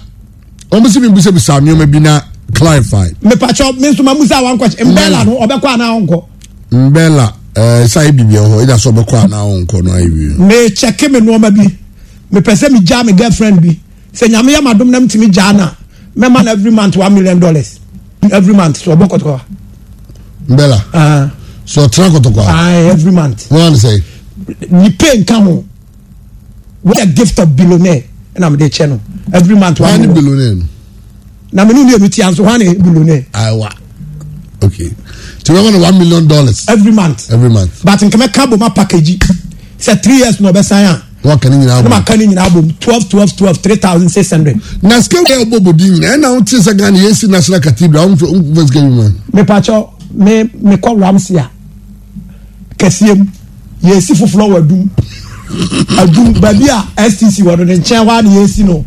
wɔn bɛ se mi busa busa bi na clarify. mipatsɔ mm. eh, e e mi nsoma musa wa nkɔ mbɛla no ɔbɛ kɔ anaa ɔnkɔ. mbɛla ɛɛ sáyé bibi ɛhɔ ɛdá sɔ ɔbɛ kɔ anaa ɔnkɔ náà ewi. mi kyɛkɛ mi nneɛma bi mi pɛsɛ mi mi girlfriend bi sɛ nyame ma na mi ti na mɛ ma every month one million dollars every month so ɔbɔ kɔtɔkɔ wa. kɔtɔkɔ every month. nipa nka ho wɔyɛ gift of billionaire ɛna mo de kyɛ no every month wa ni billionaire no na mi ni ni emi ti anso wa ni billionaire. awa ah, okay ti wɛ kɔnɔ one million dollars. every month every month. but nkɛmɛ kan bɔ ma package sɛ three years na ɔbɛ san yan. wọn kàn ní nyinaa bọ wọn kàn ní nyinaa bọ twelve twelve twelve three thousand six hundred. na sikẹwu yẹ bọ bodi nyinaa ẹ n ti sẹ gan ni si national cathedral n fẹ sikẹwu man. mipatsɔ mi mi kɔ ramsia kɛseɛ mu yɛsi foforɔ wɔ adum adum baabi a stc wɔ no ne nkyɛn hɔ a na yɛsi no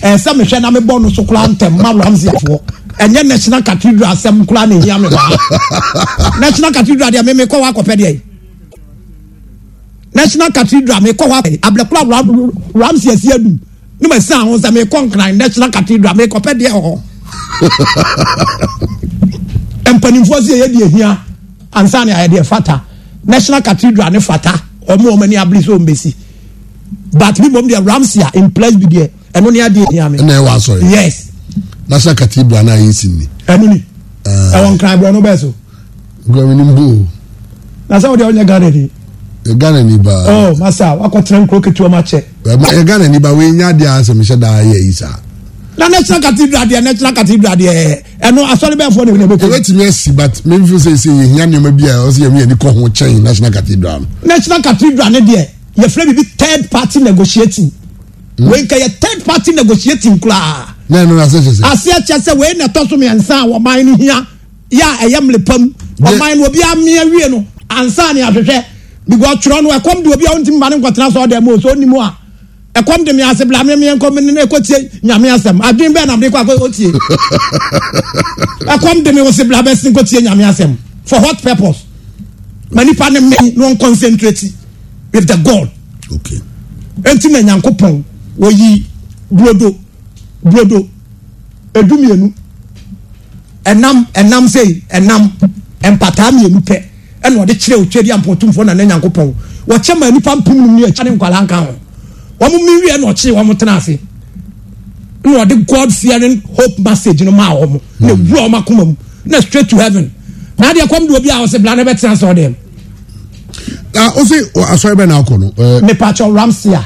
ɛsɛ mehwɛ na mebɔ no so koraa ntɛm ma ramsiafoɔ ɛnyɛ national cathedral asɛm koraa na ɛhia me hɔ national cathedral deɛ meme kɔ hɔ akɔpɛ deɛ national cathedral mekɔ hɔ abrɛkora ramsiasi adum ne ma san ho sɛ mekɔ nkran national cathedral mekɔpɛ deɛ hɔ mpanimfoɔ sɛ ɛyɛ deɛ hia ansa ne ayɛ deɛ fata national cathedral ne fata ɔmo ɔmo ani abiri so ɔmo besi but mi bom deɛ ramsia in place bi deɛ ɛno ni adi ehia mi. ɛna ɛwɔ asɔre. yes. national cathedral naa yi si ni. ɛnu ni ah. ɛwɔ nkran bɔ ɔno bɛɛ so. nkran ni bo. na sáwọn deɛ ɔnyɛ ghana ni. yɛ ghana ni ba. ɔ oh, masa wakɔ tẹnɛ nkuro ketewa ma kyɛ. yɛ ghana ni ba wo enya adi a daa yɛ yi saa na national cathedral deɛ national cathedral deɛ ɛno asɔrebɛnfoɔ de ɛbɛkɔ. ɛbɛtumi asi but mi fi sɛ sɛ yɛhia nneɛma bi a ɔsɛ yɛmu yɛni kɔ ho kyɛn national cathedral. national cathedral ne deɛ yɛfrɛ bibi third party negotiating mm. wei ka yɛ third party negotiating koraa. na ɛno na aseɛ kyɛ sɛ. aseɛ kyɛ sɛ wei na ɛtɔ so mmiɛnsa a wɔman no hia yɛ a ɛyɛ mlepam ɔman no obi amia wie no ansa ne ahwehwɛ because twerɛ no ɛkɔm de obi a ɔntumi ma ne nkɔtena sɔɔ dɛm o so onim ɛkɔm de mi ase bila mi mi nkɔ mi ni ekɔ tie nyame asɛm adwene bɛɛ na [LAUGHS] mi kɔ akɔ tie ɛkɔm de mi ose bila bɛ nkɔ tie nyame asɛm for what purpose ma nipa ne mi no concentrate with the god okay eti na nyanko pɔn woyi burodo burodo edu mienu ɛnam ɛnam seyi ɛnam ɛmpataa mienu pɛ ɛna ɔde kyerɛ otwe di ampɔtumfoɔ na ne nyanko pɔn wɔkyɛ ma nipa mpum nu ni ɛkyɛ ne nkwalaa nka ho wɔn mi wiɛ na ɔkye wɔn tena ase na ɔde god fearing hope message no maa wɔn na ewura wɔn akoma mu na straight to heaven na adeɛ kɔm do obi a ɔsɛ bla na bɛ tena asɔ dɛm. na o se asɔre bɛ na akɔ no. mipatsɔ ramsia.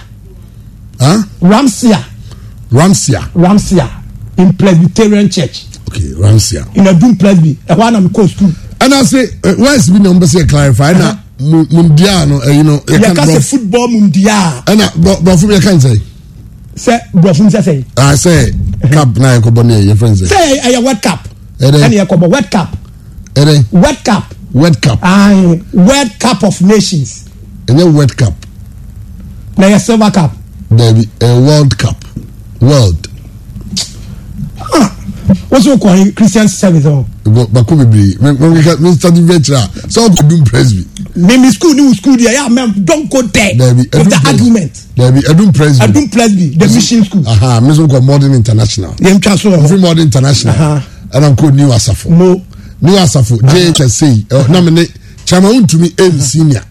ramsia. ramsia. ramsia in presbyterian church. okay ramsia. in a adum presby ɛhɔ anam kɔ school. ɛna se wɛsi bi na n bɛ se clarify na mundia no ɛyi no yɛ ka sɛ football mundia. ɛna burɔfo mi yɛ ka n sɛ. sɛ burɔfo mi sɛ sɛ. aa ah, sɛ cup naa yɛ kɔbɔ ne yɛ yɛ fɛn sɛ. sɛ ɛyɛ wet cup. ɛdɛ ɛna yɛ kɔbɔ wet cup. ɛdɛ wet cup. wet cup. ayi wet cup of nations. ɛnyɛ wet cup. na yɛ silver cup. dabi ɛ eh, world cup world. Huh wọ́n sọ kọ́ christian service ọ. Oh. bako bebree mẹmẹka mi study venture sọ ọkọ dun presby. mímí school ni wù school di ẹ yà mẹ don go there Debi, with the argument. dabi edun presby edun presby the mission school. mi sọ kọ modern international. yẹn twa so ọ. free modern international ẹnna nkọ new asafo. mo new asafo jhsa nam ne chairman ntumi m senior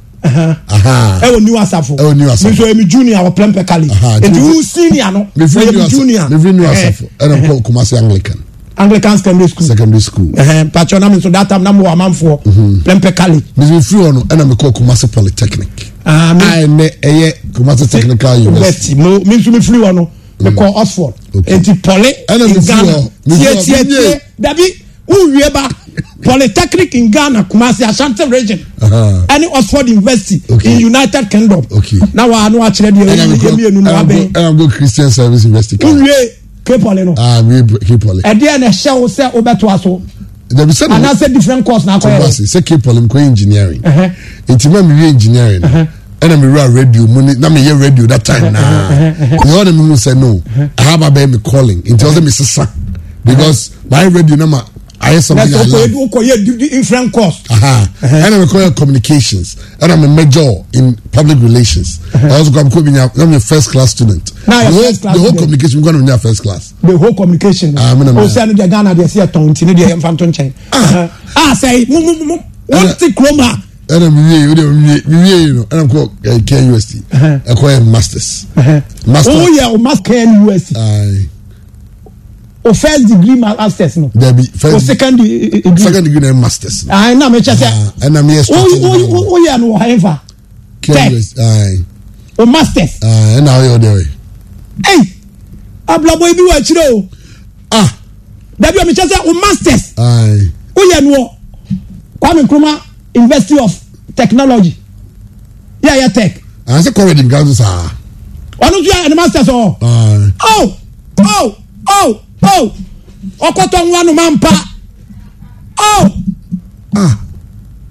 ɛwɔ new asafo ɛwɔ new asafo nso emi junior wɔ plɛn pɛkali eti wu senior no ɛyɛ mi junior mefiri new asafo ɛna nkɔ kumasi anglican anglican secondary school secondary school pàtó náà mi nso that time náà mo wà amanfoɔ pɛmpɛ kali. bisi fi hɔ no ɛna mi kɔ kumasi polytechnic. aa mi a ɛnɛ ɛyɛ kumasi technical university. mo mi nso mi firi hɔ no mi mm-hmm. kɔ oxford eti poly in ghana tie tie tie dabi uwie ba [LAUGHS] polytechnic in ghana kumasi ashanti region ɛni oxford university in united kingdom na wa anu akyerɛ deɛ ɛyɛ mienu na wa bɛn. ɛna mi kɔ christian service university. uwie kepɔle no. aa mi kepɔle. ɛdeɛ na ɛhyɛ wo sɛ wobɛto aso. dabi sɛ na anaasɛ different course na akɔyɛ. tubasi sɛ kepɔle nkɔ engineering. nti maa mi wi engineering no ɛna mi wura radio mu ni na mi yɛ radio that time naa ɛyɛ ɔna mi hu sɛ no ahaba bɛyɛ mi calling nti ɔsɛ mi sisa because my radio na ma ayɛ sɛ wokɔyɛ different course ɛna mekɔyɛ communications ɛna me major in public relations ɛso kɔ mekɔ binya na me first class student the whole, the whole communication mekɔ na menya first class the whole communication ɔsɛ no deɛ ghana deɛ sɛ yɛtɔn nti ne deɛ yɛmfa nto nkyɛn a sɛi wote kurom ha ɛna mewie wode mewie no ɛna mekɔ KNUST ɛkɔyɛ masters woyɛ wo mas KNUST o first degree masters no. dabi first o second e- e- degree second degree na masters. ayi na mi kyɛ sɛ. ɛna mi yɛ sport. o o o yɛ no ɔhan fa. tech o masters. ɛna o yɛ o de ah. o ye. ɛyi abulabɔ ibi wɔ akyire o. ah. dabi o mi kyɛ sɛ o masters. o yɛ no kwame nkrumah university of technology yɛ yɛ tech. a yɛ sɛ kɔrɔ de nkan so saa. ɔno tún yɛ ɛni masters ɔ. ɔ ɔ ɔ. Oh, ɔkɔtɔ nwa no Oh, o ah.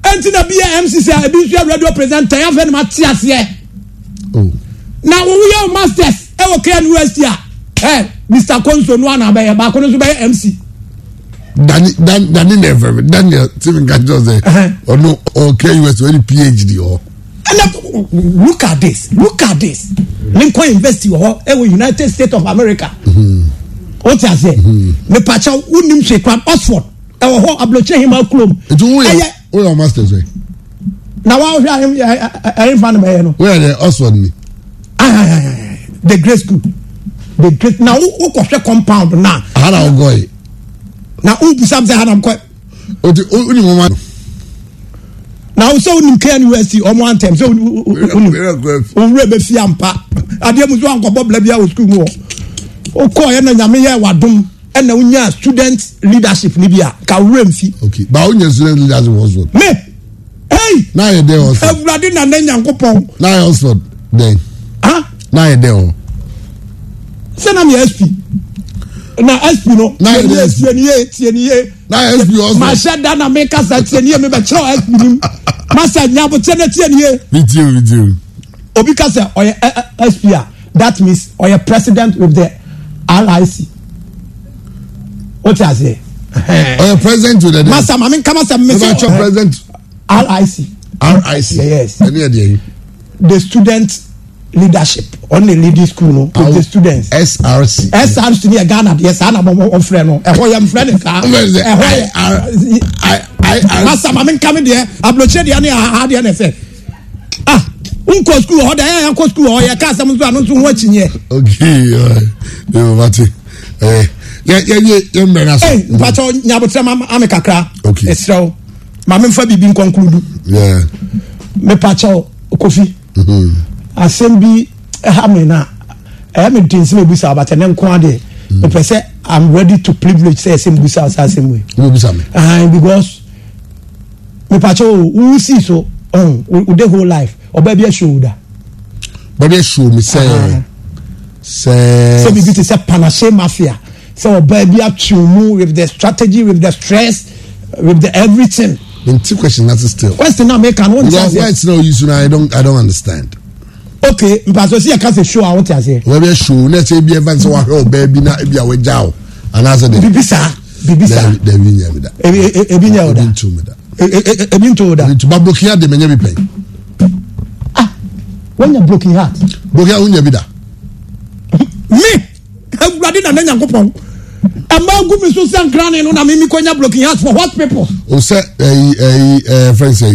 ɛnti na bi yɛ mcc a ebi nso yɛ radio presenter yɛn afɛ ne ma te aseɛ oh. na wɔwɔ yɛ masters ɛwɔ kra university a ɛ mr konso no ana abɛyɛ baako no nso bɛyɛ mc. dani dani dani na ɛfɛ mi daniel steven kajọ sɛ ɔno ɔkra us wɔ ni phd hɔ. ɛnna look at this look at this lincoln university wɔ hɔ ɛwɔ united states of america. Mm -hmm wote aseɛ mepakyɛ wonim hwee kora oxford ɛwɔ hɔ abulokyerɛ hema kurom ɛyɛ woyɛ masters ɛ na wahwɛ ɛremfa no mɛyɛ no woyɛ dɛ oxford ni the great school the great na wokɔhwɛ compound na ahana wogɔe na wobisa m sɛ hana mkɔ ɔti wonim woma na sɛ wonim kan university ɔmo antɛm sɛ wonim owura bɛfia mpa adeɛ mu so ankɔbɔ bla bia wɔ skul mu hɔ Okay. yɛ na nyame yɛ wadum ɛna wonya student leadership ni bi a ka wura nfi. ok student leadership wɔ me hey. n'a yɛ dɛ wɔ so. ewurade na ne nyanko pɔn. n'a yɛ n'a yɛ sp na sp no. n'a yɛ dɛ da na mi kasa tiɛniyɛ sp nim masa nyabo tiɛnɛ tiɛniyɛ. mi tiɛ mi tiɛ. obi ɔyɛ sp a that means ɔyɛ president of the ric o ti ase. ɔyɛ president o de de. masa maami nkama sɛ mmesi. ɔbɛ atwa president. ric. ric yes. ɛni ɛdi yɛ. the student leadership ɔn na leading school no with the students. src. src ni yɛ ghana deɛ saa na bɔ ɔfrɛ no ɛhɔ yɛ nfrɛ ne kaa ɛhɔ yɛ. masa maami nkami deɛ abulokye deɛ ne aha deɛ ne fɛ ah nkɔ sukuu hɔ dɛ ɛyɛ nkɔ sukuu hɔ yɛ kaa sɛm nso ano nso ho akyinyɛ. ok ɛɛ mate ɛɛ eh, yɛ yɛ yɛ yɛ mbɛ na so. ee mpatsɔ nyabotiram ami kakra. ok esirawo maame nfa bibi nkɔnkuludu. yɛ. mipatsɔ kofi. Mm-hmm. asɛm bi ɛha mi na ɛyɛ mi di nsɛm ebusa abatɛ ne nko adeɛ mm. mepɛ sɛ i'm ready to privilege sɛ ɛsɛm busa asa asɛm wei. o bɛ busa mi. because mipatsɔ o wusi so ɔn o de whole life ọba bi ẹsẹ o da. ọba bi ẹsẹ o mi sẹ sẹ. sẹ bibi ti sẹ panache mafia sẹ ọba bi atu mu with the strategy with the stress with the everything. nti question na ti still. question na mi kan wọn ti ase. why it's not you suna i don't i don't understand. okay mpaso si ẹka sẹ show a wọn ti ase. ọba bi ẹsẹ o na ẹsẹ ebi ẹfa sẹ wàá hwẹ ọba bi na ebi awọ ẹja o anaasẹ de. bibi sa bibi sa ebi nyẹ mi da. ebi nyẹ o da ebi ntu mi da. ebi ntu o da. ebi ntu babukiya de mi nye mi pẹ wanya broken heart. broken heart wunya bi da. mi ewurade nana nyankopɔn ɛmɛ egu mi so sɛ nkranee no na mi mi kɔ nya broken heart for what purpose. o sɛ ɛyi ɛyi ɛɛ fɛn sɛ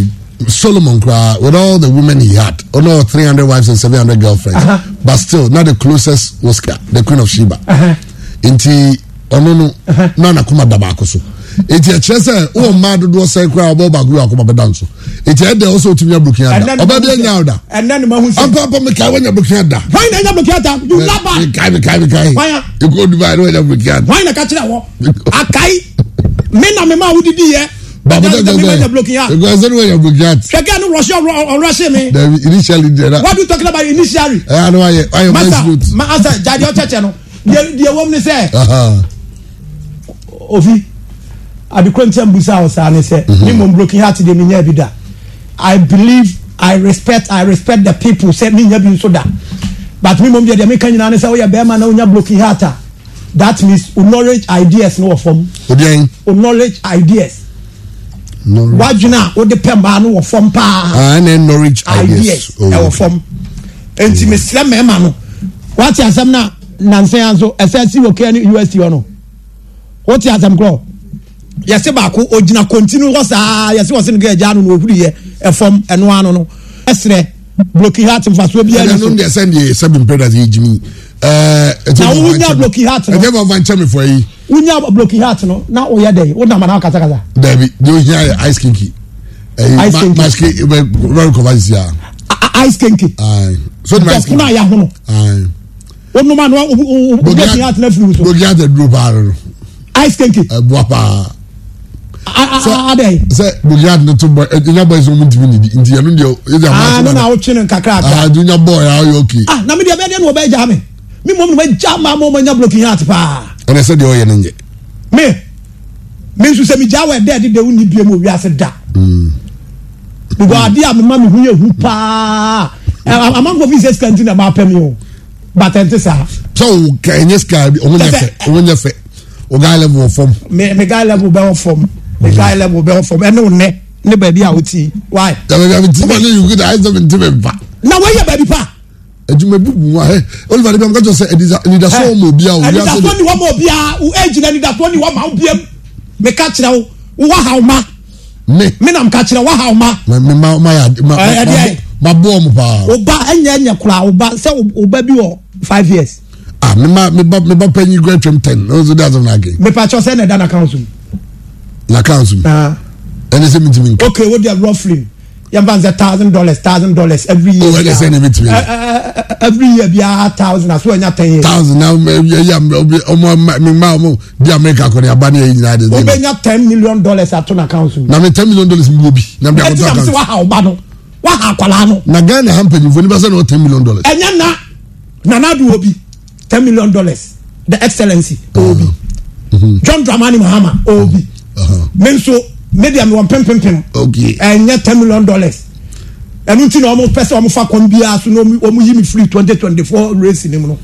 solomon kura with all the women he had ono oh three hundred wives and seven hundred girlfriends uh -huh. but still na the closest was the queen of sheba. Uh -huh. nti ɔno no uh-huh. na nakoma da baako so eti ɛkyerɛ sɛ wɔn mmaa dodoɔ sɛ kura ɔbɛ ɔbaako yɛ akoma bɛda nso eti ɛdɛ ɔsɛ otumi nya burukina da ɔbɛ bi enya ɔda ɛnɛ ni ma ho si ampapa mi ka wɔnya burukina da wɔn na enya burukina da you laba mikae mikae mikae eko dubai ni wɔnya burukina da wɔn na ka kyerɛ wɔ akai mi na mi ma awo didi yɛ babu tɛ tɛ tɛ eko ɛsɛ ni wɔnya burukina ti kɛkɛ ni wɔsi ɔrɔsi mi dabi initially dɛra what do you talking about initially ɛɛ anu ayɛ ayɛ maize root masa jadi ɔkyɛkyɛ no deɛ deɛ wɔm ni sɛ adekuntia mbusa ọsàn ni sẹ mi mhm. broken heart de mi nyẹ bi da i believe i respect i respect the people sẹ mi nyẹ bi nso da but mi mọ bi ẹdẹ mi ka nyinaa ni sẹ oyẹ bẹẹma na onya broken heart a that means o knowledge ideas ni wọ fọm o knowledge ideas wadwina o de pẹ mbaa ni wọ fọm paa ah, ideas ẹ wọ fọm nti mi sẹ mẹẹma no wati asẹm na nansan ya nso ẹsẹ si wọ kẹ ni usd ọ no wọ́n ti asẹm kúrọ̀ yɛsi baako ogyina kɔntinu hɔ saa yɛsi wɔsi ne ɛgya no na ohuri yɛ ɛfɔm ɛno ano no ɛsrɛ bloki heart nfasuo bi ɛni so. ɛnum deɛ sɛn deɛ sɛbi mpɛdas yi jimi. na wunya bloki heart no ɛdiyɛ bɛ ɔfa nkyɛn mi fɔ yi. wunya bloki heart no na oyɛ dɛ o nam anam kasakasa. dabi de o hiya yɛ ice kinki. ice kinki ma maske lɔri kɔfa si a. ice kinki. so ni ma ice kinki. ɛfuna yahono. onuma no bloki heart na firi wusu. bloki heart duro paa no. ice kinki. ɛbuwa paa adai sɛ goliad ah, ah, ah, no to bɔ ɛnya bɔ ɛsɛ ɔmo ntumi nidi nti ɛno deɛ ɛdi ama ɛsɛ ɔmo na ɔtwe ne nkakra akra adi nya bɔ ɛyà ɔyɛ ok ah na mi deɛ bɛyɛ deɛ na ɔbɛyɛ gya mi mi mɔmu na ɔbɛyɛ gya maa mɔmu ɛnya bulɔki yɛn ati paa ɛna ɛsɛ deɛ ɔyɛ ne nyɛ mi mi nso sɛ mi gya wɔ ɛdɛ ɛdida ɛwuni bie mu owi da bubɔ hmm. adi a mi ma mi hu yɛ hu paa eh, amanko fi sɛ sika na ma pɛ mi o sa. sọ wo kẹ ẹ nye sika ọmọ nyẹ fẹ ọmọ nyẹ fẹ ọgá level wọ fọm. mi mi The mekae lɛ mo bɛn fam ɛne nɛ ne baabi a woti wae. dabi dabi ti ma ne yugu da ayi sɛbi ti bɛ ba. na wɔyɛ baabi pa. edwuma bi bu wa hɛ oliver de bi an ka jɔ sɛ ɛdisa ɛdidasɔn wo ma obi a o y'a sɛ de. ɛdidasɔn ni wa ma obi e, a o e jina ɛdidasɔn ni wa ma o bi yɛ meka kyerɛ wo wa ha o ma. mi mi na nka kyerɛ wa ha o ma. mɛ mɛ ma ma ya ma eh, ma ma bɔ ɔmu paa. o ba ɛnyɛ e ɛnyɛ e kura o ba sɛ o ba bi wɔ five years. ah mi ma mi ba mi ba pɛnyin gbɛ twɛm ten n'o tɛ o de y'a sɔrɔ n'a kɛ. mipatsɔ sɛ na ɛda na kan so na council ɛne ah. sɛ metumi nka okay a roughly yɛmfa sɛ thousand dollars thousand dollars every year ɛne sɛ ne metumi every year a thousand aso anya ten years thousand na ɔmɔ mema ɔmɔ di america kɔni aba ne yɛ nyinaa de wobɛnya ten million dollars ato na council na me ten million dollars mi wo bi na me akɔtɔ account ɛti na sɛ waha ɔba no waha akwadaa no na ghana ha mpanyinfo nipa sɛ na ɔ ten million dollars ɛnyɛ na nana do obi ten million dollars the excellence ah. obi mhm. john dramani mahama obi me nso media mi wɔ mpempempem ɛnyɛ ten million dollars ɛnu ti na wɔn pɛ sɛ wɔn fa kɔn biara so na wɔn yi mi free twenty twenty four race ni mu no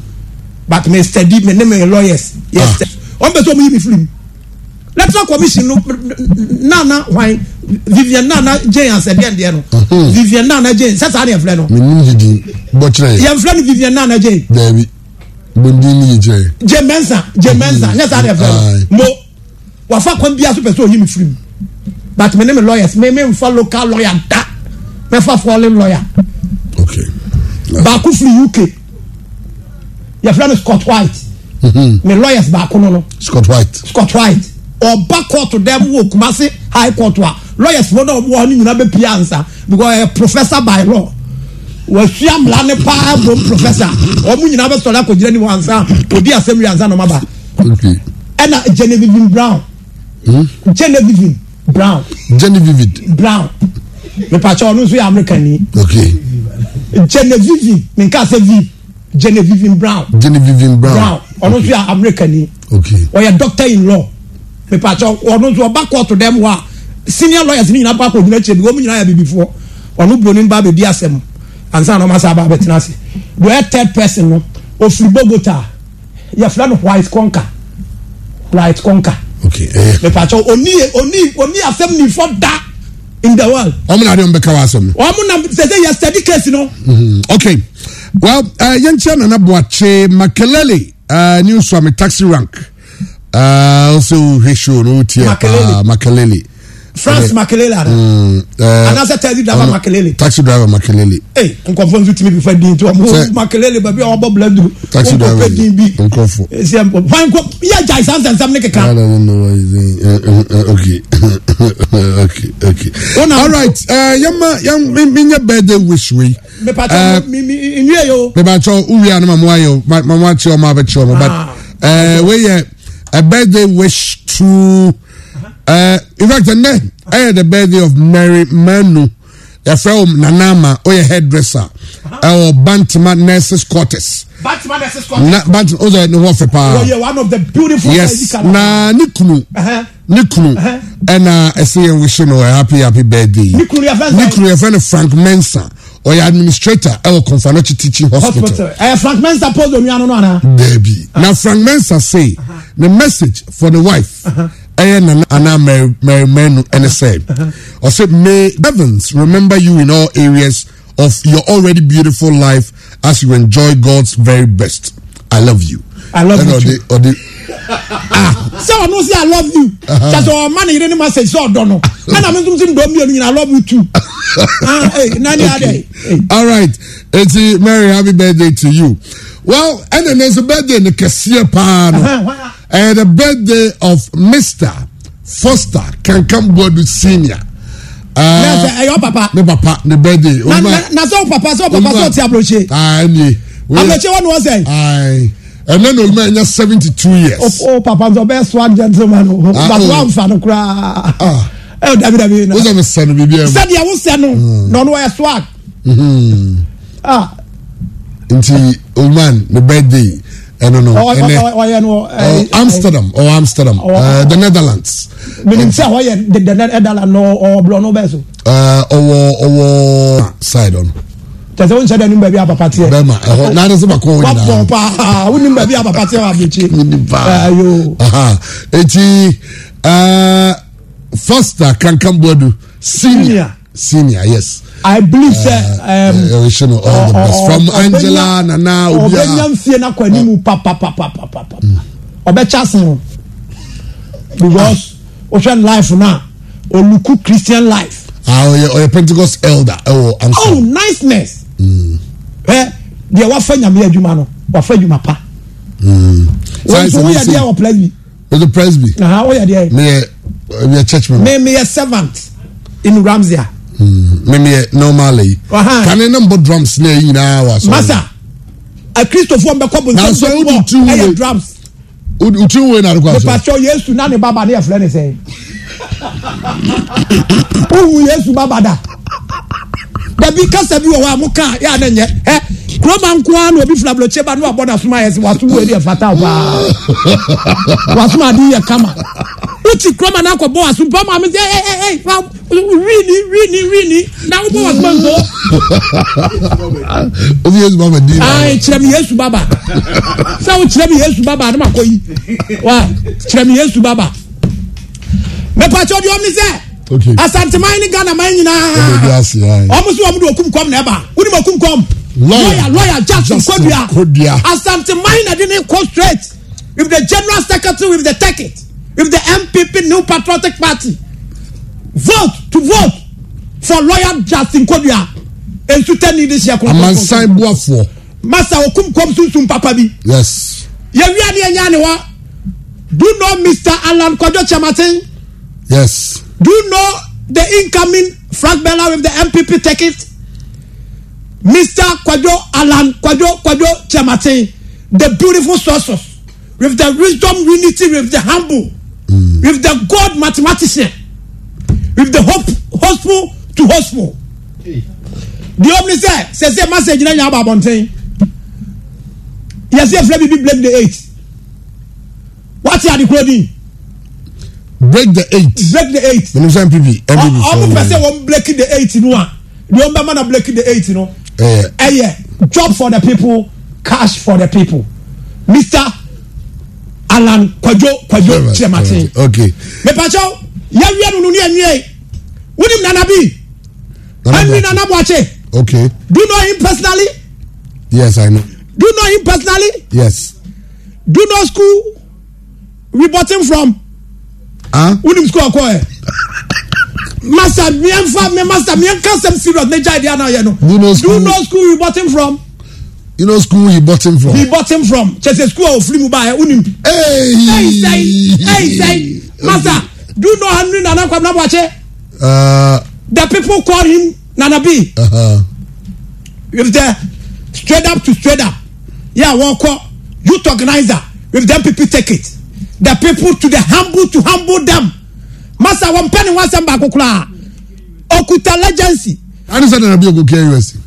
but mi steady mi ne mi lawyers yes wɔn pɛ sɛ wɔn yi mi free mu electoral commission no nana hwan vivian nana jane asɛdeɛ deɛ no uh-huh. vivian nana jane sɛ saa ne yɛfrɛ no menim yidi bɔkyerɛ yɛ yɛmfrɛ no vivian nana jane daabi bondin ne yɛ jane jane mensa jane mensa nyɛ saa ne yɛfrɛ no mo wafa kwan bi aso pɛ sɛ oyi mi firi mu but mi ne mi lawyers mi mi nfa local lawyer da mi fa foreign lawyer. okay. baako firi uk yɛfrɛ no scott white mm lawyers baako no no scott white scott white ɔba court dɛm wɔ kumase high court a lawyers wɔn a wɔwɔ hɔ no nyinaa bɛ pie ansa because ɛyɛ eh, professor by law wɔasua mmara ne paa abom professor wɔn nyinaa bɛ sɔrɔ akɔgyina ne wɔn ansa odi asɛm wi ansa na ɔma ba ɛna genevieve brown hmm? genevieve brown genevieve brown mipatsɛ ɔno nso yɛ american ni okay genevieve minka sɛ v genevieve brown genevieve brown ɔno nso yɛ american ni okay ɔyɛ doctor in law mipatsɛ ɔno nso ɔba kɔɔto dɛm hɔ a senior lawyers ni nyinaa pa ko ɔdun bi wɔn nyinaa yɛ bibifoɔ ɔno buroni ba bɛ di asɛm ansa na ɔma sa aba abɛtena ase deɛ third person no ofiri bogota yɛfrɛ no white conker white conker okay eh. mepatwa oni oni oni asɛm nifɔ da in the world. wɔn na adi wɔn bɛ kawo asɛm. wɔn na sɛsɛ yɛ steady case no. Mm-hmm. okay well uh, eh, yɛn nkyɛn nana buakye makelele uh, eh, new swami taxi rank uh, ɔsɛ show no wotie paa makelele. Uh, makelele france eh, makelele ara anase taxi driver makelele. taxi driver makelele. ee nkɔfɔ nso timi bi fɛ din tiwa mo makelele baabi a wabɔ bilendu taxi driver nkɔfɔ nkɔfɔ ɛsɛ nkɔ wɔn nkɔ yɛ ja isan sɛnsɛm ne keka. ala ni mo wa ɛɛ ok ok ok. alright yamma yamma mi n yɛ birthday wish wei. mipatɔ mi mi nwiye yo. mipatɔ uwi anu mamu ayɛ mamu akyɛ ɔmu abɛkyɛ ɔmu but ah. eh, wei yɛ eh, a birthday wish to. Eh, in fact ɛnɛ ɛyɛ eh, the birthday of mary manu yɛfrɛ wo nanama woyɛ oh, hairdresser ɛwɔ uh, uh-huh. eh, bantama nurses quarters bantama nurses quarters na bantama o oh, sɛ ne hɔ fɛ paa oh, wɔyɛ one of the beautiful yes na ne kunu ne kunu ɛna ɛsɛ yɛn wish no a happy happy birthday ne kunu yɛfrɛ no frank mensa ɔyɛ administrator ɛwɔ kɔnfanochi teaching hospital ɛyɛ frank mensa post onua no no ana. deebi na frank mensa say uh-huh. the message for the wife. Uh -huh ɛyɛ nana anaa mary mary menu ɛne sɛ uh-huh. ɔsɛ may heavens remember you in all areas of your already beautiful life as you enjoy god's very best i love you. i love you too ɔde ɔde. Ah. sɛ ɔno sɛ i love you kyɛsɛ uh-huh. ɔma ne yere ne ma sɛ sɛ ɔdɔ no [LAUGHS] ɛna mi nso ndɔ mmienu nyina i love you too ah hey, nani [LAUGHS] adi. all right eti mary happy birthday to you well and then there's a birthday ne kɛseɛ paa no ɛyɛ the birthday of mr foster kankan buadu senior. ɛɛ your papa. My papa the birthday. na na na sɛ papa so papa so ti aburokye. Aye, ni. aburokye wa ni wɔn sɛ. ayi ɛnna na olumɛ 72 years. Oh, o papa the best swan gentleman o ah, bato wa nfa Oh, David, David. What's dabi na. wosan mi sanu bibi ɛmu. sadiya wosan no no hmm. ɔno wɔyɛ swag. Hmm. ah nti oman ne birthday ɛno no ɛnɛ amsterdam or amsterdam eh, the netherlands. mìíràn tí a wọ́n yẹ the netherlands ọ̀bùrọ̀ náà bẹ́ẹ̀ so. ọwọ ọwọ side ọ̀nà tẹsẹ o n sẹdẹ ni bẹẹbi apapa tiẹ. bẹẹ ma ẹhọ eh, n'ale sọ ma kọ wọn [LAUGHS] yìí. wapọ paa o ni bẹẹbi apapa tiẹ wa bìtì. ayo. [LAUGHS] Eh, eti foster kankan bọdu senior senior yes i believe sɛ ɛhyɛ no all the uh, best from angela nana obi a pa pa pa pa pa. ɔbɛkya mm. sen ah. o because wohwɛ life na oluku christian life. ah ɔyɛ ɔyɛ pentecost elder oh, ɛwɔ ansa. oh niceness. ɛ mm. eh, deɛ wafa nyame adwuma no wafa adwuma pa. wɔnso woyɛ deɛ wɔ presby. wɔyɛ presby. woyɛ Me meyɛ uh, meyɛ church member. me me a servant in ramsia mmemme normally kane ne mbɔ drums na yi nyinaa wa sɔrɔ masa akristofoɔ mbɛkɔ bɔ nsɛm bɔ ɛyɛ drums utu wo na adekwa so mipatɔ yesu na ne baba ne yɛ filɛ ne sɛ uhu yesu baba da dabi kasa bi wɔ hɔ a mo kan yɛ ane nyɛ ɛ kuroma nkoa na obi fila bulɔkye ba ne wa bɔ na suma yɛ sɛ wasum wo yɛ fata paa wasum adi yɛ kama wotu kuroma na akɔbɔ wa so bɔ maame sɛ ɛ ɛ ɛ fa rini rini rini na wobɔ wa kuma nko. [LAUGHS] o bi yesu baba di. ayi kyerɛ mi yesu baba sawu kyerɛ mi yesu baba adama kɔ yi wa kyerɛ mi yesu baba mɛpatsɛ ɔdi ɔmi sɛ. Okay. asanteman ni ghana man nyinaa ɔmo sɛ ɔmo de okum kɔm na ɛba wonim okum kɔm lawyer lawyer jackson kodua asanteman na de ne kɔ straight with the general secretary with the ticket if the MPP New Patriotic Party vote to vote for lawyer Justin Kodua nsu tẹ ni idisi ẹkọ. amansan buafo. masa okum kom sunsun papa bi. yes. yẹwi adi ẹnya ni wa do you know Mr. Alan Kwadwo Chamatin. yes. do you know the incoming Frank Bella with the MPP ticket. Mr. Kwadwo Alan Kwadwo Kwadwo Chamatin the beautiful sources with the wisdom unity with the humble with the God mathematician, with the hope, hopeful to hopeful. the omni se, se se ma se yaba nya ba bonten. Yes, let me be break the eight. What are the clothing? Break the eight. Break the eight. Mwen mwen MPP. Ọmọ pẹ sẹ wọn break the eight nu a. Di ọmọ bẹ́ẹ̀ na break the eight nu. Ẹ yẹ job for the people cash for the people. Mr alan kwadwo kwadwo tiamaten mepatɛw yɛwie no no ne anwie wonim nana bi henry nana boakye okay do know him personally yes i know do know him personally yes do know school we him from huh? wonim school akɔɛ eh. master miɛmfa me master miɛnka sɛm serious ne gyae deɛ ana no do know school we him from you know school he bought him from. he bought him from kyesɛ school a ofiri mu ba yɛ eh, unim. ɛyi sɛyi ɛyi sɛyi masa do you know how many nana kwamina bɔkye. Uh, the people call him nana b. Uh-huh. with the straight up to straight up yeah wɔkɔ youth organizer with the people take it the people to the humble to humble them Master, wɔn pɛ ni wɔn asɛm baako koraa okuta legacy. a ni nana b ogo kia us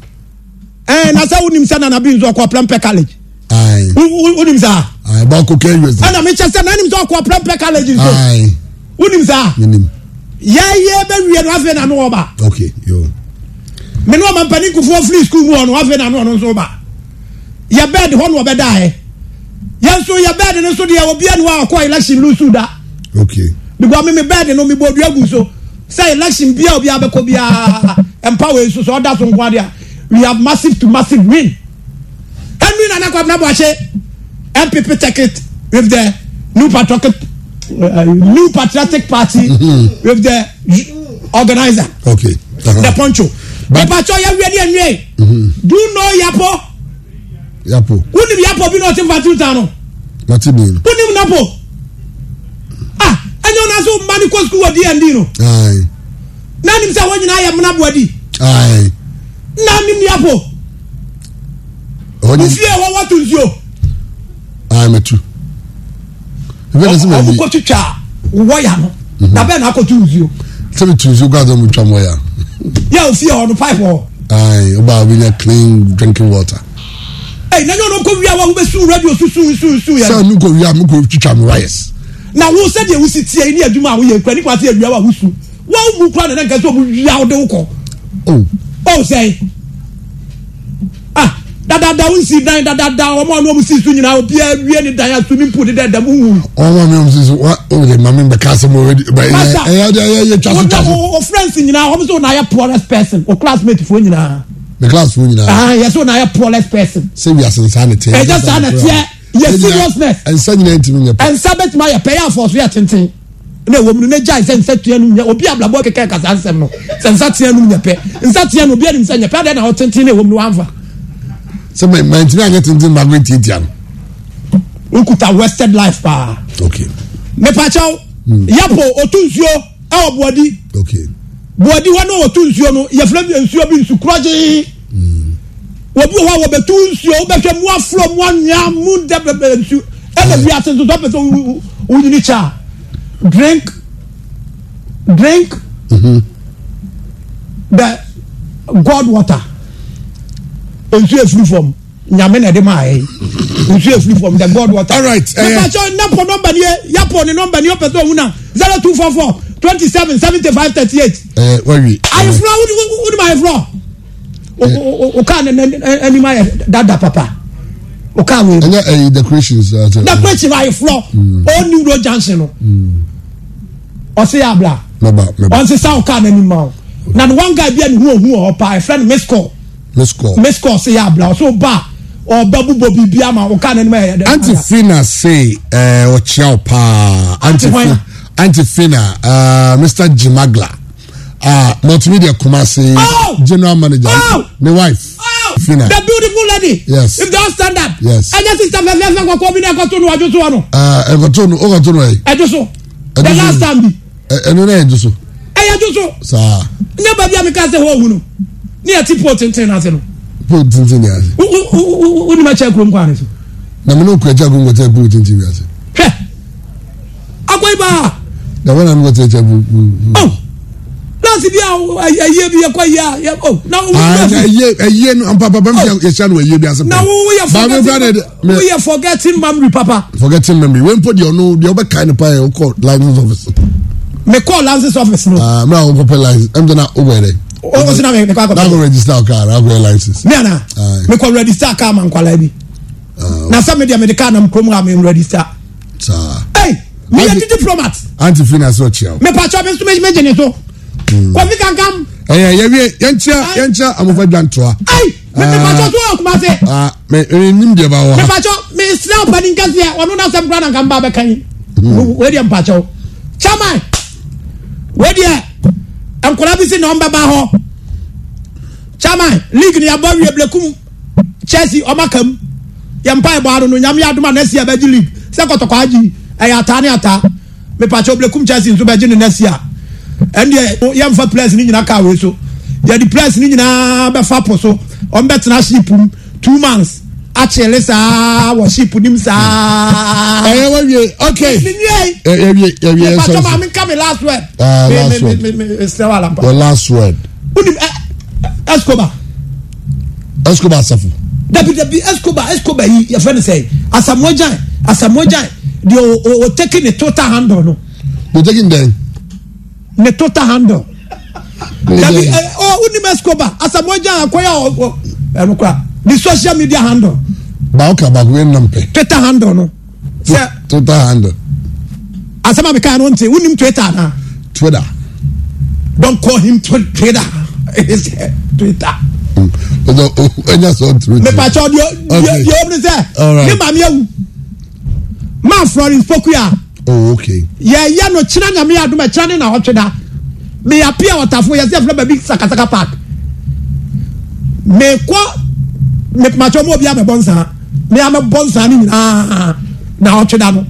ɛɛ eh, na sɛ wunim sɛ nana bi nso ɔkɔ plan pɛ college. ayi wunim sa. ayi bɔn ko kɛn us. ɛna eh, mi kyɛ sɛ nanim sɛ ɔkɔ plan pɛ college nso. ayi wunim sa. minim. yɛyɛ bɛ wiye no afei na no ɔba. ok yo. mene ɔma mpanin kufuo firi sukuu mu ɔno afei na no ɔno nso ba yɛ bɛɛdi hɔ na ɔbɛ da yɛ yɛn nso yɛ bɛɛdi no nso deɛ obiara ni ɔkɔ election lusu da. ok. because mi mi bɛɛdi no mi bɔ odua gu so sɛ election bia obiara bɛkɔ biara mpa wei so ɔda so nko adeɛ we have massive to massive win henry nana kwabena buakye npp take it with the new patriotic uh, new patriotic party mm-hmm. with the organizer okay. uh -huh. the poncho ìpàtọ́ yẹ wíwẹ́ díẹ̀ nìyẹn Do you know yapo? Yapo. mi yapọ̀ bí náà ti fàtí ta nù màtí mi wúni mi napọ̀ ah ẹni wọn náà sọ mmanukọ sukuu wọ dnd nù náà nimisẹ wọn nyinaa yẹ múnabọ di naanị ndị abụọ nfie a wawa tu nsuo. aa metu. ọkụkọ twitwa wọya no mhm. na bẹẹ na akọtu nsuo. sẹbi tu nsuo gaadọ mu twa wọya. yà òfin ẹ ọdún pipe ọ. ayi ọba abi nya clean drinking water. ẹyìn náà yóò kó wíyà wà wọ́n bẹ sùn rẹ́díò sùn sùn sùn sùn yẹn. sẹ́wọ̀n mi kò wíyà mi kò twitwa mi wáyẹs. na wọ́n sẹ́díẹ̀ wusi si tiẹ̀ ní ẹ̀dwuma àwọn yẹn kura nípa ti ẹ̀dwuma wà wọ́n sùn wọ́n mú kura nínú nkẹ́sọ́ mu wíyà ọdún kọ wo sɛn ah dadada wo nsi dan dadada wɔn a wɔn si so nyinaa obiara wie ne dan a swimming pool deda mu wu. wɔn a wɔn si so wa o de maame bɛ kaasa mu o de ba ɛyɛ ɛyɛ ɛyɛ ɛyɛ twaso twaso. o o friends nyinaa wɔn so na yɛ poorest person o classmate fo nyinaa. the class fo nyinaa. ah yɛ so na yɛ poorest person. sɛ wi asensan ne tiɛ. ɛyɛ sanni tiɛ yɛ seriousness. ɛnsa nyinaa ntumi nyɛ pɛ. ɛnsa bɛ tuma yɛ pɛ yɛ afɔ so yɛ tenten na wɔm no n'agya sɛ nsateɛ no nyɛ obi ablabɔ keka kasa nsɛm no sɛ nsateɛ no nyɛ pɛ nsateɛ no obi anim sɛ nyɛ pɛ adeɛ na ɔtenten ne wɔm no wanfa. sɛ mɛ mɛntini anyɛ tenten maa mi tiatia no. okuta wasted life paa. okay. mepatsaw yapo otu nsuo ɛwɔ buwadi. okay. buwadi hɔ na otu nsuo no yɛfrɛ bi nsuo bi nsu kurɔgye. obi wɔ hɔ a wɔbɛtu nsuo wɔbɛhwɛ mu afuro mu anwia mu dɛ bɛbɛ nsuo ɛna bi ase nso sɔ pɛ sɛ wunyini kyaa drink drink mm-hmm. the god water nsu efiri fam nyame na ɛde maa yɛ nsu efiri fam the god water. all right ɛɛ na pɔ nɔmba ni yɛ yapɔ ni nɔmba ni yɛ pɛ sɛ ohun na zero two four four twenty seven seventy five thirty eight. ɛɛ wɔyi. ayefurɔ wuli ma ayefurɔ o kaa ne anim ayɛ dada papa o kaa wo. ɛnyɛ ɛyi decorations. decoration ayefurɔ o new road junction no. Mm ɔsi yɛ abira ɔnsesa ɔka n'anim ma na ni one guy bi a ni hu ohun wɔ ni miss call miss call miss call si yɛ abira ɔsi ɔba ɔba bubɔ biribi ama ɔka n'anim yɛ dɛ. aunty fina se ɛɛ ɔkyia paa aunty fina aunty fina ɛɛ mr jimagla uh, multimedia kumasi general manager oh! wife. fina the beautiful lady. yes if they all stand up. yes ɛnyɛ sista fɛfɛɛfɛ kɔkɔ bi na ɛkɔtunu ɔjɔtɔ nu. ɛɛ ɛkɔtunu ɔkɔtunu yɛ. ɛjɔso the last time ɛnu náà yɛ ju so. ɛyɛ ju so. saa. n yɛ baabi a mi ka se hɔ wunu ne yɛ ti pole tenten na se no. pole tenten ni ase. u u u u ni ma kyɛ kurom kɔ ani so. na mi n'o kura kyɛ kurom kɔ tɛ pole tenten bi ase. hɛ akɔ ibà. dàbɛ na mi kɔ tɛ kyɛ kurom. ɔ nọọsi bi a ẹyẹ bi ẹkọ yẹ a ọ na wọn yẹ fọ. ẹyẹ ẹyẹ nu papa bẹẹ mi fi ẹsẹ nu ẹyẹ bi ase. na wọn yẹ forgetting wọn yẹ forgetting memory papa. forgetting memory wey n po di ọnu di ọbẹ ka ẹni pa ẹ ọkọ license office me call ah, license office oh, oh, no. ah hmm. mi àwọn pọpẹ license ẹn tẹ na o bẹ dẹ. o o sinna mi kọ akọ. n'a ko register car n'a ko yẹ license. mi àná mi kọ register car ma nkwalẹ bi na sẹ mi di mi di car na mi kúrò mu a register. saa. ee mi yẹ di diplomat. anti fi na sọ chia o. mi pàṣẹ mi sún mi méjì ni so. kofi kankan. ẹyẹ yẹ wiye yẹn kyia yẹn kyia amọfẹ jantua. ayi mi mi pàṣẹ tó wà kumase. aa mi mi nim jẹ bá wa. mi pàṣẹ mi sinna ọ̀pẹ ni nkasi yẹ ọ̀nù náà sẹ́mi kúrò náà nǹkan bá bẹ kàn yín wodeɛ nkora bi si na ɔmbɛba hɔ chairman league ni yabɔ wie blekum chelsea ɔmakam yɛ mpa ɛbɔ ano no nyame adoma na esi abɛgye league sɛ kɔtɔkɔ agyi ɛyɛ ata ne ata mipatsɛ blekum chelsea nso bɛgye ne na esi a ɛndeɛ yɛmfa players ne nyinaa kaa wei so yɛde players ne nyinaa bɛfa po so ɔmbɛtena ship mu two months akyele saa wɔship nim saa. ɛyɛ wɔ wie ok. ɛwie ɛwie ɛwie ɛsɛ ɔsɛ. maame nka mi last word. ɛɛ ah, last word mi mi mi sɛwɔ alampa. your last word. unim ɛ eh, ɛskoba. ɛskoba asafo. dabi dabi ɛskoba ɛskoba yi yɛfɛ ni sɛ asamuojan asamuojan deɛ o o o teki ne total handle no. o teki ndɛn. ne total handle. dabi ɛ ɔ eh, unim oh, ɛskoba asamuojan akɔya ɔ ɛnukura the social media handle. baako baako wey nam pɛ. twitter handle no. sɛ twitter handle. Asama a mi ka yan no twitter na. twitter. Don't call him tw twitter [LAUGHS] he said twitter. ọjọ ọjọ sọ turu ti. mipatsa di di di obìnrin sẹ. ni maami ewu maa florence pokuya. oh okay. yẹ yẹ no kyerẹ nyame adumẹ kyerẹ ni na ọtwi da mi apia ọtafo yẹ sẹ fúnra bẹẹbi sakasaka park mi kọ mepatwa mu obi abɛbɔ nsaa me abɛbɔ nsaa ne nyinaa na ɔtwe no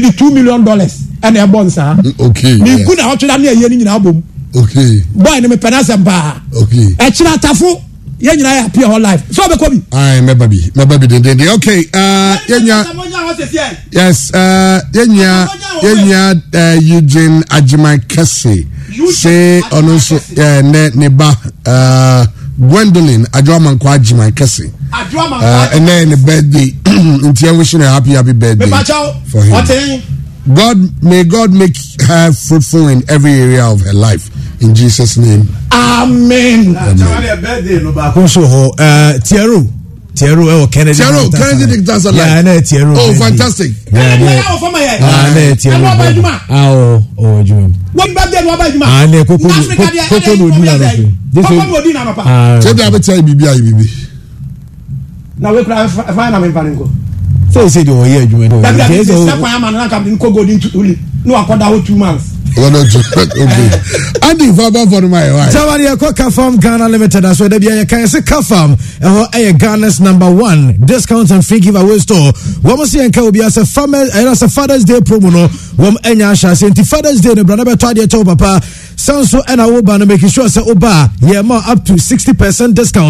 me two million dollars ɛna ɛbɔ nsaa okay me na ɔtwe da ne ɛyɛ nyinaa bom okay boy ne mepɛ n'asɛm paa okay atafo yɛn nyinaa yɛ apia hɔ live so ɔbɛkɔ bi. ayi mɛba bi mɛba bi dendenden okay yɛn yes yɛn nya eugene ajiman kese se ɔno nso ɛɛ ne ba gwendolyn adwoamankwa agyiman kɛse ɛnɛ yɛ ne birthday nti yɛn wishing her happy happy birthday for him god may god make her fruitful in every area of her life in jesus name amen. amen. amen. amen. amen. amen. amen. amen tiẹro ẹ wọ kennedy tiẹro kennedy dick dance alive yàrá náà tiẹro oh fantastic yàrá náà yàrá fọmọ yẹ yàrá náà tiẹro ẹnu ọba ẹduma awọ ọwọ ẹduma wọn bá bẹẹ ní ọba ẹduma ah ne koko ni koko ni odi nana pe koko ni odi nana pa. ṣé bí a bẹ tẹ ibi bí a ibi bí. na wei kura fain na mi nfa ni nko. fẹ́ẹ́ sẹ́ni ọ̀yẹ́ ẹ̀dwuma. dabi a ti sẹ́kọ̀ọ́ yà máa nana kàmínú kógó ní ntúlì ní wàá kọ́ da ó two months wọn ò ju pẹkú bi adi faba fọdún ma yẹ wa. jamani ẹ kafam ghana limited That's where they ẹ kan ẹ sẹ kafam ẹ hɔ ghana's number one discount and free giveaway store wɔn si yɛn ka obi asɛ farmers ɛ eh, as a fathers day promo no wɔn ɛnya ahyɛ ase nti fathers day no brana bɛ tɔ adeɛ kyɛw papa sanso ɛna wo ba no making sure sɛ wo ba yɛ ma up to 60% discount.